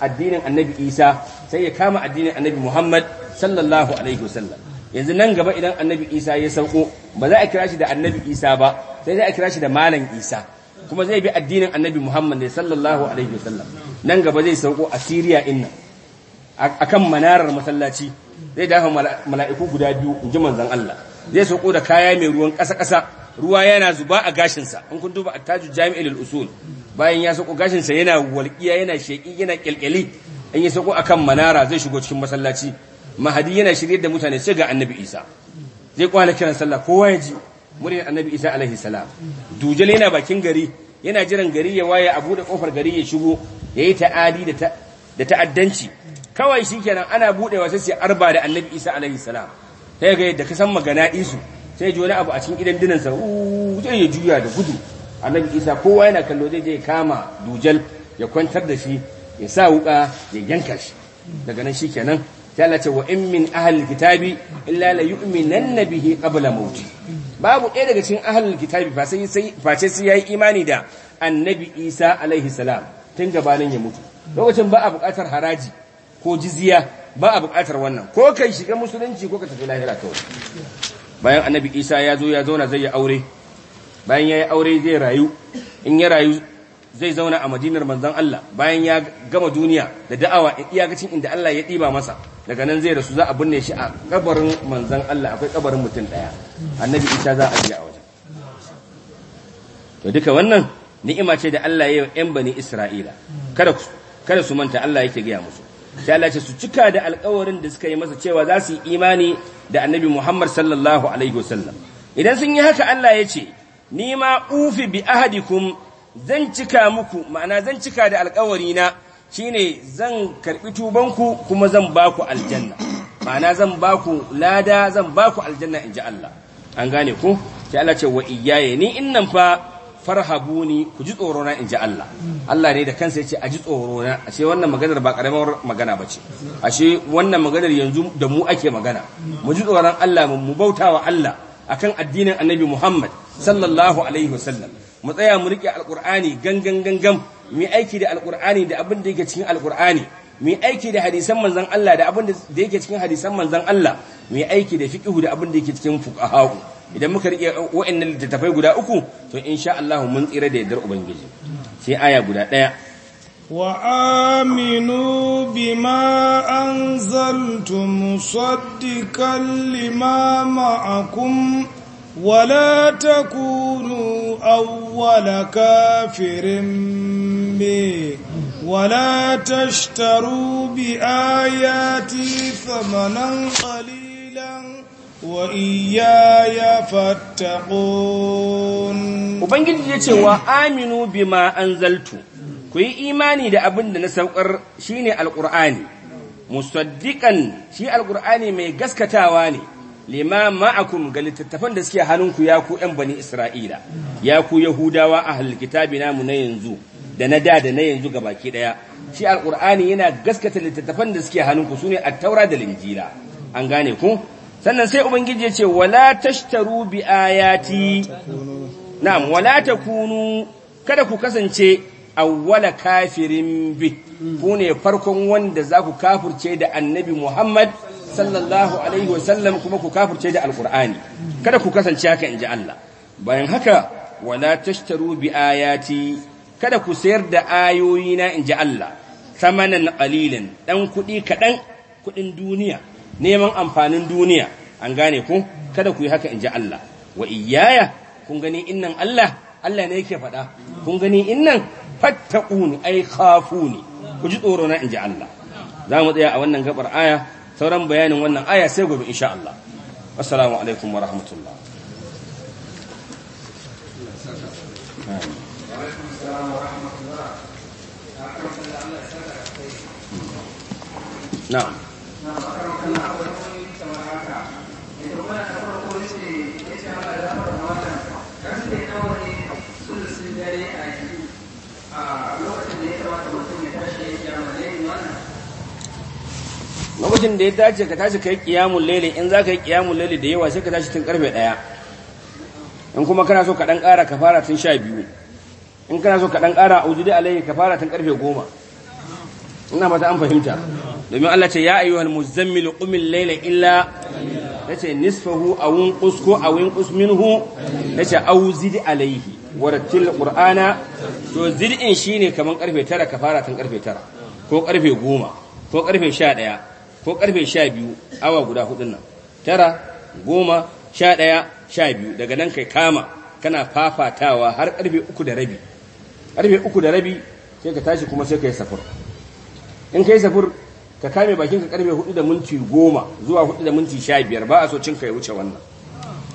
S1: addinin annabi isa sai ya kama addinin annabi muhammad sallallahu alaihi wasallam yanzu nan gaba idan annabi isa ya sauko ba za a kira shi da annabi isa ba sai za a kira shi da malam isa kuma zai bi addinin annabi muhammad ne sallallahu alaihi wasallam nan gaba zai sauko a siriya inna akan manarar masallaci zai dafa mala'iku guda biyu in ji manzon allah zai sauko da kaya mai ruwan ƙasa-ƙasa ruwa yana zuba a gashinsa in kun duba attaju jami'il usul bayan ya sako gashinsa yana walƙiya yana sheƙi yana ƙyalƙyali in ya sako kan manara zai shigo cikin masallaci mahadi yana shirye da mutane sai ga annabi isa zai kwana kiran sallah kowa ya ji muryar annabi isa alaihi salam dujal yana bakin gari yana jiran gari ya waye a buɗe kofar gari ya shigo ya yi ta'adi da ta'addanci kawai shi kenan ana buɗewa sai sai arba da annabi isa alaihi salam sai ga yadda ka san magana isu sai ji abu a cikin idan dinansa zai ya juya da gudu annabi isa kowa yana kallo zai je kama dujal ya kwantar da shi ya sa wuka ya yanka shi daga nan shikenan sai Allah ce wa in min ahlil kitabi illa la yu'minanna bihi qabla mawti babu ɗaya daga cikin ahlil kitabi ba sai sai face sai imani da annabi isa alaihi salam tun gabanin ya mutu lokacin ba a buƙatar haraji ko jiziya ba a buƙatar wannan ko kai shiga musulunci ko ka tafi lahira kawai bayan annabi isa ya zo ya zauna zai yi aure bayan ya yi aure zai rayu in ya rayu zai zauna a madinar manzan Allah bayan ya gama duniya da da'awa iyakacin inda Allah ya ɗiba masa daga nan zai rasu za a binne shi a kabarin manzan Allah akwai kabarin mutum ɗaya annabi isa za a biya a wajen to duka wannan ni'ima ce da Allah ya yi wa 'yan bani Isra'ila kada su manta Allah yake gaya musu sai Allah ce su cika da alkawarin da suka yi masa cewa za su yi imani da annabi Muhammad sallallahu alaihi wasallam idan sun yi haka Allah ya ce ni ma ufi bi ahadikum zan cika muku ma'ana zan cika da alƙawari na shine zan karbi tubanku kuma zan baku aljanna ma'ana zan baku lada zan baku aljanna in ji Allah an gane ku sai Allah ce wa iyaye ni innan fa farhabuni ku ji tsoro na inji Allah Allah ne da kansa yace a ji tsoro na ashe wannan maganar ba karamar magana bace ashe wannan maganar yanzu da mu ake magana mu ji tsoron Allah mu bautawa Allah akan addinin Annabi Muhammad sallallahu alaihi wasallam mu tsaya mu rike alqur'ani gangan gangan mu aiki da alqur'ani da abin da yake cikin alqur'ani mu aiki da hadisan manzon Allah da abin da yake cikin hadisan manzon Allah mu aiki da fiqhu da abin da yake cikin fuqaha idan muka riƙe wa'annan littattafai guda uku to insha Allah mun tsira da yardar ubangiji sai aya guda ɗaya.
S2: wa aminu bima anzaltum musaddiqan lima ma'akum ولا تكونوا أول كافر به ولا bi ayati ثمنا قليلا وإياي فاتقون
S1: Ubangiji ya ce wa aminu bima anzaltu ku yi imani da abin da na saukar shine alqur'ani musaddiqan shi alqur'ani mai gaskatawa ne lima ma'akum ga littattafan da suke hannunku ya ku ƴan bani Isra'ila ya ku Yahudawa ahlul kitabi namu na yanzu da na da da na yanzu ga baki ɗaya. shi alqur'ani yana gaskata littattafan da suke hannunku sune at-taura da linjila an gane ku sannan sai ubangiji ya ce wala tashtaru bi ayati na'am wala takunu kada ku kasance awwala kafirin bi ku ne farkon wanda za ku kafurce da annabi Muhammad sallallahu alaihi wasallam kuma ku kafurce da alkur'ani kada ku kasance haka ji Allah bayan haka wala tashtaru bi ayati kada ku sayar da ayoyina inji Allah samanan alilin dan kudi kaɗan kuɗin duniya neman amfanin duniya an gane ku kada ku yi haka in ji Allah wa iyaya kun gani innan Allah Allah ne yake faɗa kun gani innan fattaquni ai khafuni ku ji tsoro na in ji Allah za mu tsaya a wannan gabar aya sauran bayanin wannan aya sai gobe insha Allah assalamu alaikum wa rahmatullah
S3: wannan da
S1: lokacin da ya dace ka tashi kai yi kiyamun laili in za ka yi kiyamun laili da yawa sai ka tashi tun karfe daya in kuma kana so ka dan ƙara ka fara tun sha biyu in kana so ka dan ƙara a ujudi alayhi ka fara tun karfe goma ina mata an fahimta domin Allah ce ya ayyuhal muzammil qumil layla illa yace nisfahu aw unqusku aw unqus minhu yace aw zid alayhi warattil qur'ana to zid in shine kaman karfe 9 kafara tan karfe
S3: 9
S1: ko karfe 10 ko karfe 11 ko karfe 12 awa guda hudun nan 9 10 11 12 daga nan kai kama kana fafatawa har karfe 3 da rabi karfe 3 da rabi sai ka tashi kuma sai ka yi safur in kai safur ka kame bakinka karfe hudu da minti goma zuwa hudu da minti sha biyar ba a so cinka ya wuce wannan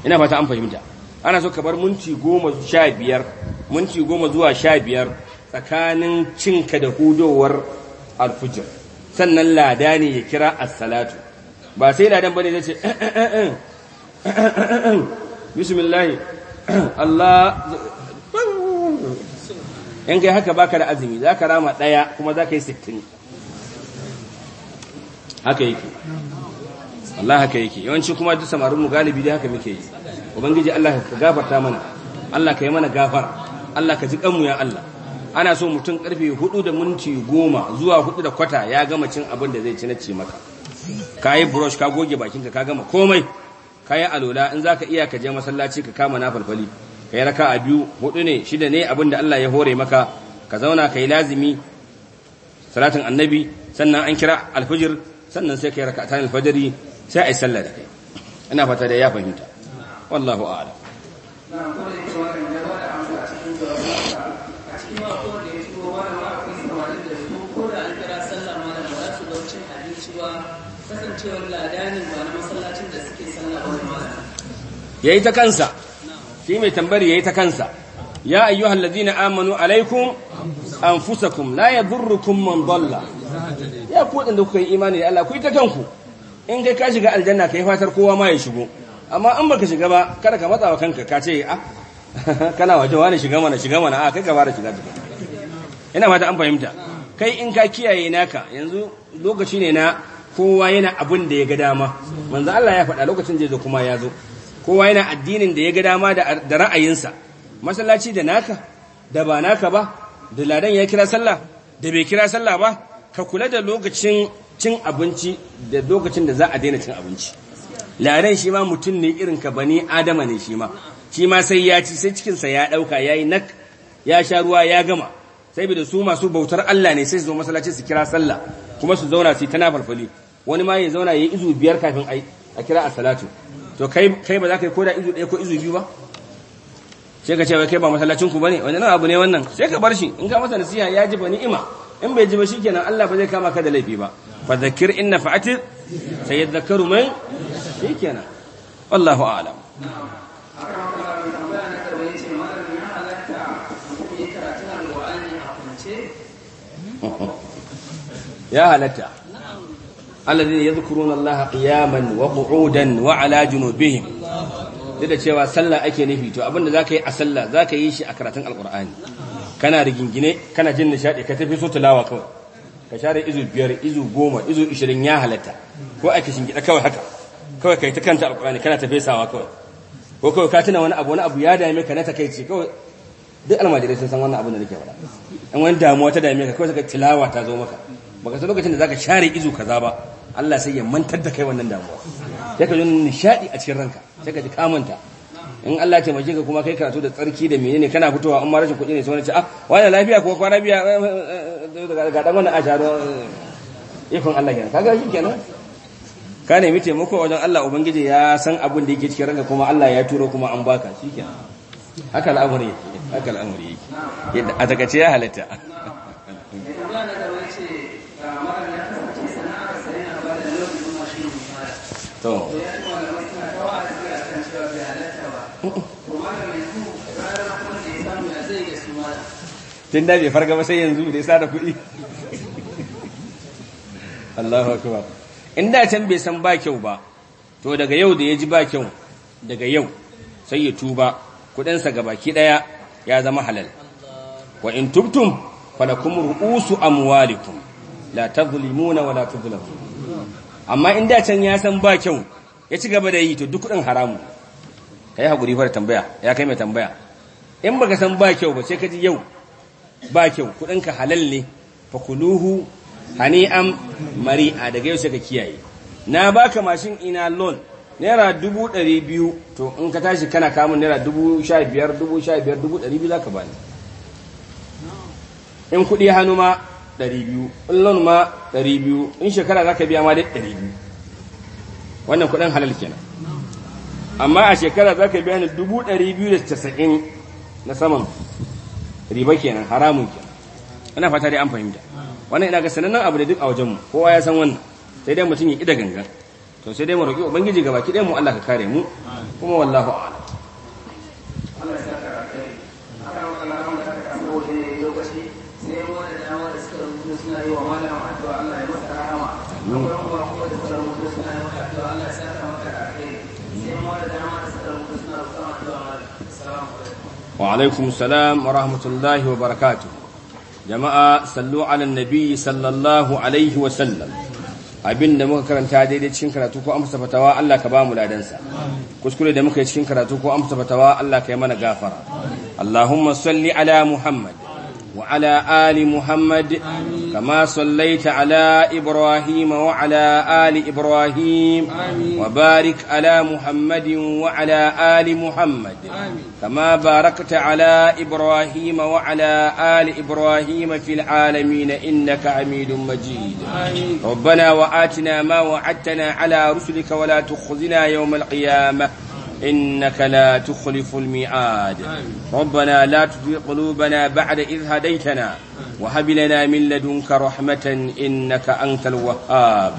S1: ina fata an fahimta ana so ka bar minti goma sha biyar minti goma zuwa sha biyar tsakanin cinka da hudowar alfijir sannan lada ne ya kira as-salatu ba sai ladan bane zai ce bismillahi Allah in kai haka baka da azumi zaka rama daya kuma zaka yi sittin haka yake Allah haka yake yawanci kuma duk samarin mu galibi dai haka muke yi ubangiji Allah ka gafarta mana Allah ka yi mana gafar Allah ka ji kanmu ya Allah ana so mutum karfe 4 da minti 10 zuwa 4 da kwata ya gama cin abin da zai ci na ci maka kai brush ka goge bakin ka ka gama komai kai alola in zaka iya ka je masallaci ka kama na falfali ka yi raka a biyu hudu ne shida ne abin da Allah ya hore maka ka zauna ka yi lazimi salatin annabi sannan an kira alfijir sannan sai kai rak'atan al alfajari sai yi sallah da kai ina fata da ya fahimta wallahu a'lam ya yi ta kansa shi mai tambari ya yi ta kansa ya ayyuhallazina amanu alaikum anfusakum la yadurrukum man dalla ya ku kuka yi imani da Allah ku yi ta kanku in kai ka shiga aljanna ka fatar kowa ma ya shigo amma an baka shiga ba kada ka matsa wa kanka ka ce a ah, kana waje wani shiga mana shiga mana a kai ka fara shiga duka ina fata an fahimta kai in ka kiyaye naka yanzu lokaci ne na kowa yana abin da ya ga dama manzo Allah ya faɗa lokacin da kuma ya zo kowa yana addinin da ya ga dama da ra'ayinsa masallaci da naka da ba naka ba da ladan ya kira sallah da bai kira sallah ba ka kula da lokacin cin abinci da lokacin da za a daina cin abinci laren shi ma mutum ne irin ka bani adama ne shi ma shi ma sai ya ci sai cikinsa ya ɗauka ya yi nak ya sha ruwa ya gama sai da su masu bautar Allah ne sai su zo masallaci su kira sallah kuma su zauna su yi ta nafalfali wani ma ya zauna ya yi izu biyar kafin a kira a salatu to kai ba za ka yi koda izu ɗaya ko izu biyu ba sai ka ce kai ba masallacin ku Wani nan abu ne wannan sai ka bar shi in ka masa nasiha ya ji ba ni'ima in bai ji ba kenan Allah ba zai kama ka da laifi ba fa zakir in nafa'ati sai yadhakkaru man shikenan wallahu a'lam ya halatta alladhina yadhkuruna Allah qiyaman wa qu'udan wa 'ala junubihim da cewa sallah ake nufi to abinda zaka yi a sallah zaka yi shi a karatun alqur'ani kana rigingine kana jin nishadi ka tafi so tilawa kawai ka share izu biyar izu goma izu ishirin ya halatta ko a kishin gida kawai haka kawai kai ta kanta alkurani kana ta fesawa kawai ko kawai ka tuna wani abu wani abu ya dame ka na takaici kawai duk almajirai sun san wannan abin da nake faɗa in wani damuwa ta dame ka kawai saka tilawa ta zo maka baka san lokacin da zaka share izu kaza ba Allah sai ya mantar da kai wannan damuwa sai ka ji nishadi a cikin ranka sai ka ji kamanta in Allah ya taimake ka kuma kai karatu da tsarki da menene kana fitowa amma rashin kuɗi ne sai wani ce ah wani lafiya ko kwana biya eh,
S3: eh,
S1: eh, ga dan wannan asharo don ikon Allah kenan kaga shi kenan ka nemi taimako wajen Allah ubangiji ya san abin da yake cikin ranka kuma Allah ya turo kuma an baka shi kenan haka al'amuri haka al'amuri yake yadda a takace ya halatta to tun da bai farga sai yanzu da ya sa da kuɗi Allahu akwai in can bai san ba kyau ba to daga yau da ya ji ba kyau daga yau sai ya tuba kuɗinsa ga baki ɗaya ya zama halal wa in tubtum a ru'usu amwalikum la tadhlimuna wa la tudhlamun amma in da can ya san ba kyau ya ci gaba da yi to duk kudin haramu kai hakuri fara tambaya ya kai mai tambaya in baka san ba kyau ba sai ka ji yau ba kyau kudinka ka halal ne fakuluhu hani'an mari'a daga yau sai ka kiyaye na baka mashin ina loan naira dubu ɗari biyu to in ka tashi kana kamun naira dubu sha biyar dubu sha biyar dubu ɗari biyu za ka bani in kuɗi hannu ma ɗari biyu in loan ma ɗari biyu in shekara za ka biya ma dai ɗari biyu wannan kuɗin halal kenan amma a shekara za ka biya ni dubu ɗari biyu da casa'in na saman riba kenan haramun kenan ana fata dai an fahimta wannan ina ga sanannen abu da duk a wajenmu kowa ya san wannan sai dai mutum ya da gangan to sai dai mu roƙi ubangiji ga baki ɗayan mu Allah ka kare mu kuma wallahu a'lam
S3: Allah ya saka aka lokacin sai mu da dama da suka rubuta suna yi wa malam
S1: wa alaikum salam wa rahmatullahi wa barakatu jama'a sallu ala nabi sallallahu alaihi wa sallam abin da muka karanta daidai cikin karatu ko amsa fatawa Allah ka ba mu ladansa kuskure da muka yi cikin karatu ko amsa fatawa Allah ka yi mana gafara Allahumma salli ala Muhammad wa ala ali Muhammad كما صليت على إبراهيم وعلى آل إبراهيم آمين. وبارك على محمد وعلى آل محمد آمين. كما باركت على إبراهيم وعلى آل إبراهيم في العالمين إنك حميد مجيد آمين. ربنا وآتنا ما وعدتنا على رسلك ولا تخزنا يوم القيامة إنك لا تخلف الميعاد ربنا لا تزغ قلوبنا بعد إذ هديتنا وهب لنا من لدنك رحمة إنك أنت الوهاب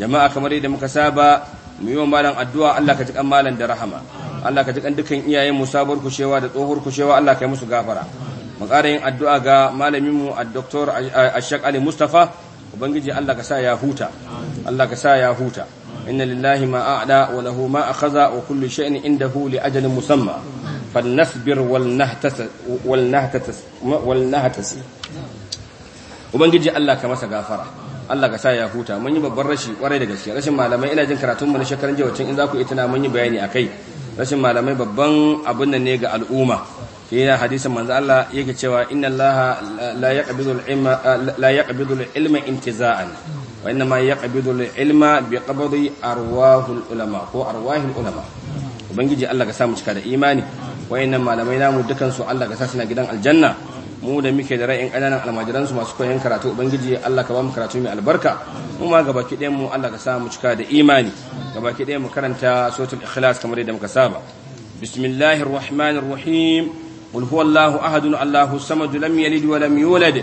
S1: جماعة كما ريد مكسابا ميوم مالا الدعاء الله كتك أمالا درحمة الله كتك أندك إن إياه مسابر كشيوا دطوهر كشيوا الله كمس غافرة مقارن الدعاء مالا ميمو الدكتور الشيخ علي مصطفى وبنجي الله كسا يا هوتا الله كسا يا هوتا إن لله ما أعلى وله ما أخذ وكل شيء عنده لأجل مسمى فلنصبر ولنهتس ولنهتس ولنهتس ubangiji Allah ka masa gafara Allah ka sa ya huta mun yi babban rashi kwarai da gaske rashin malamai ina jin karatun mu na shekaran jiya wacin in za ku yi tuna mun yi bayani akai rashin malamai babban abun nan ne ga al'umma yana hadisin manzo Allah yake cewa inna Allah la yaqbidu al-ilma la yaqbidu al-ilma intiza'an wa inna ma yaqbidu al-ilma bi qabdi arwahul ulama ko arwahul ulama ubangiji Allah ka samu cika da imani wayannan malamai namu dukan su Allah ka sa suna gidan aljanna mu da muke da ra'ayin ƙananan almajiran su masu koyon karatu ubangiji Allah ka ba mu karatu mai albarka mu ma gabaki ɗayan mu Allah ka mu cika da imani gabaki ɗayan mu karanta suratul ikhlas kamar yadda muka saba bismillahir rahmanir rahim qul huwallahu ahadun allahu samad lam yalid wa lam yulad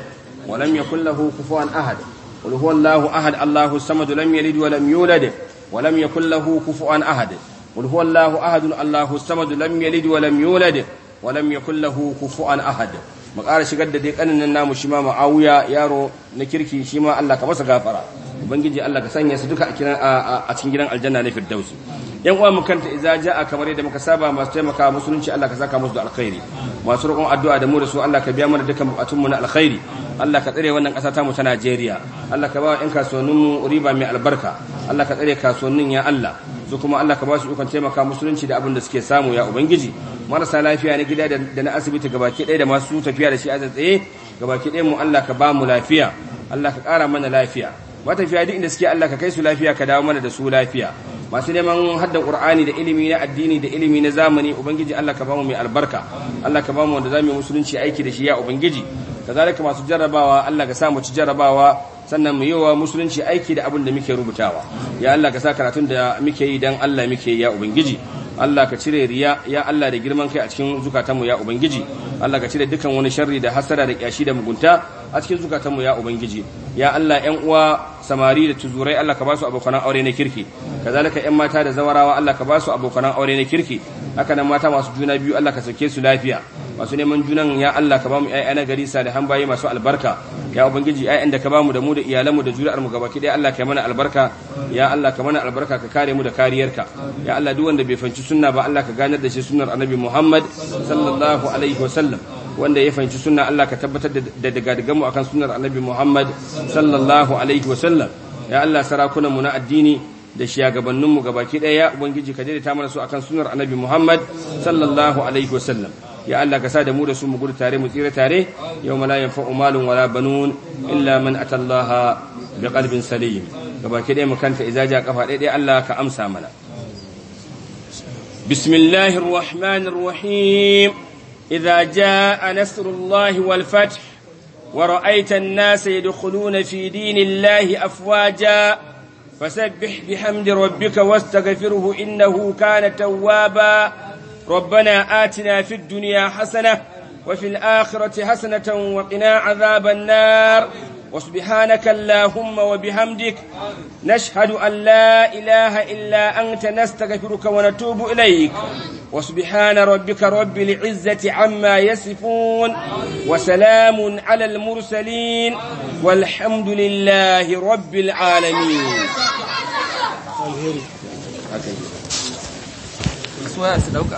S1: wa lam yakul lahu kufuwan ahad قل هو الله أحد الله الصمد لم يلد ولم يولد ولم يكن له كفوا أحد قل هو الله أحد الله الصمد لم يلد ولم يولد ولم يكن له كفوا أحد mu ƙara shigar da dai ƙanin namu shi ma ma'awuya yaro na kirki shi ma Allah ka masa gafara ubangiji Allah ka sanya su duka a a cikin gidan aljanna ne firdausi yan uwa mukanta idza jaa kamar yadda muka saba masu taimaka musulunci Allah ka saka musu da alkhairi masu roƙon addu'a da mu da su Allah ka biya mana dukkan bukatun mu na alkhairi Allah ka tsare wannan ƙasa mu ta Najeriya Allah ka ba wa 'yan kasuwannin mu riba mai albarka Allah ka tsare kasuwannin ya Allah su kuma Allah ka ba su ikon taimaka musulunci da abin da suke samu ya ubangiji marasa lafiya na gida da na asibiti gabaki ɗaya da masu tafiya da shi a tsaye gabaki ɗaya mu Allah ka ba mu lafiya Allah ka ƙara mana lafiya matafiya duk inda suke Allah ka kai su lafiya ka dawo mana da su lafiya masu neman hadda qur'ani da ilimi na addini da ilimi na zamani ubangiji Allah ka bamu mai albarka Allah ka bamu wanda mu zamu musulunci aiki da shi ya ubangiji kazalika masu jarrabawa Allah ka sa mu ci jarrabawa sannan mu yi wa musulunci aiki da abin da muke rubutawa ya Allah ka sa karatun da muke yi dan Allah muke yi ya ubangiji Allah ka cire riya ya Allah da girman kai a cikin zukatanmu ya ubangiji Allah ka cire dukan wani sharri da hasara da kyashi da mugunta a cikin zukatanmu ya ubangiji ya Allah ƴan uwa samari da tuzurai Allah ka ba su abokan aure na kirki kazalika ƴan mata da zawarawa Allah ka ba su abokan aure na kirki haka nan mata masu juna biyu Allah ka sauke su lafiya masu neman junan ya Allah ka ba mu ƴaƴa na gari da bayi masu albarka ya ubangiji ayan da ka bamu da mu da iyalanmu da juriar mu gabaki daya Allah ka mana albarka ya Allah ka mana albarka ka kare mu da kariyarka ya Allah duk wanda bai fanci sunna ba Allah ka ganar da shi sunnar annabi Muhammad sallallahu alaihi wasallam wanda ya fahimci sunna Allah ka tabbatar da daga daga mu akan sunnar annabi Muhammad sallallahu alaihi wasallam ya Allah sarakunan mu na addini da shiyagabanninmu gabaki ɗaya ubangiji ka daidaita mana su akan sunar annabi muhammad sallallahu alaihi wasallam ya Allah ka sa da mu da su mu gudu tare mu tsira tare yau mala yanfa wala banu illa man atallaha bi qalbin salim gabaki ɗaya mu kanta izaja kafa ɗaya ɗaya Allah ka amsa mana bismillahir rahmanir rahim idza jaa nasrullahi wal fath ورأيت الناس يدخلون في دين الله أفواجا فسبح بحمد ربك واستغفره إنه كان توابا ربنا آتنا في الدنيا حسنة وفي الآخرة حسنة وقنا عذاب النار وسبحانك اللهم وبحمدك نشهد أن لا إله إلا أنت نستغفرك ونتوب إليك وسبحان ربك رب العزة عما يصفون وسلام على المرسلين والحمد لله رب العالمين
S3: su waya su dauka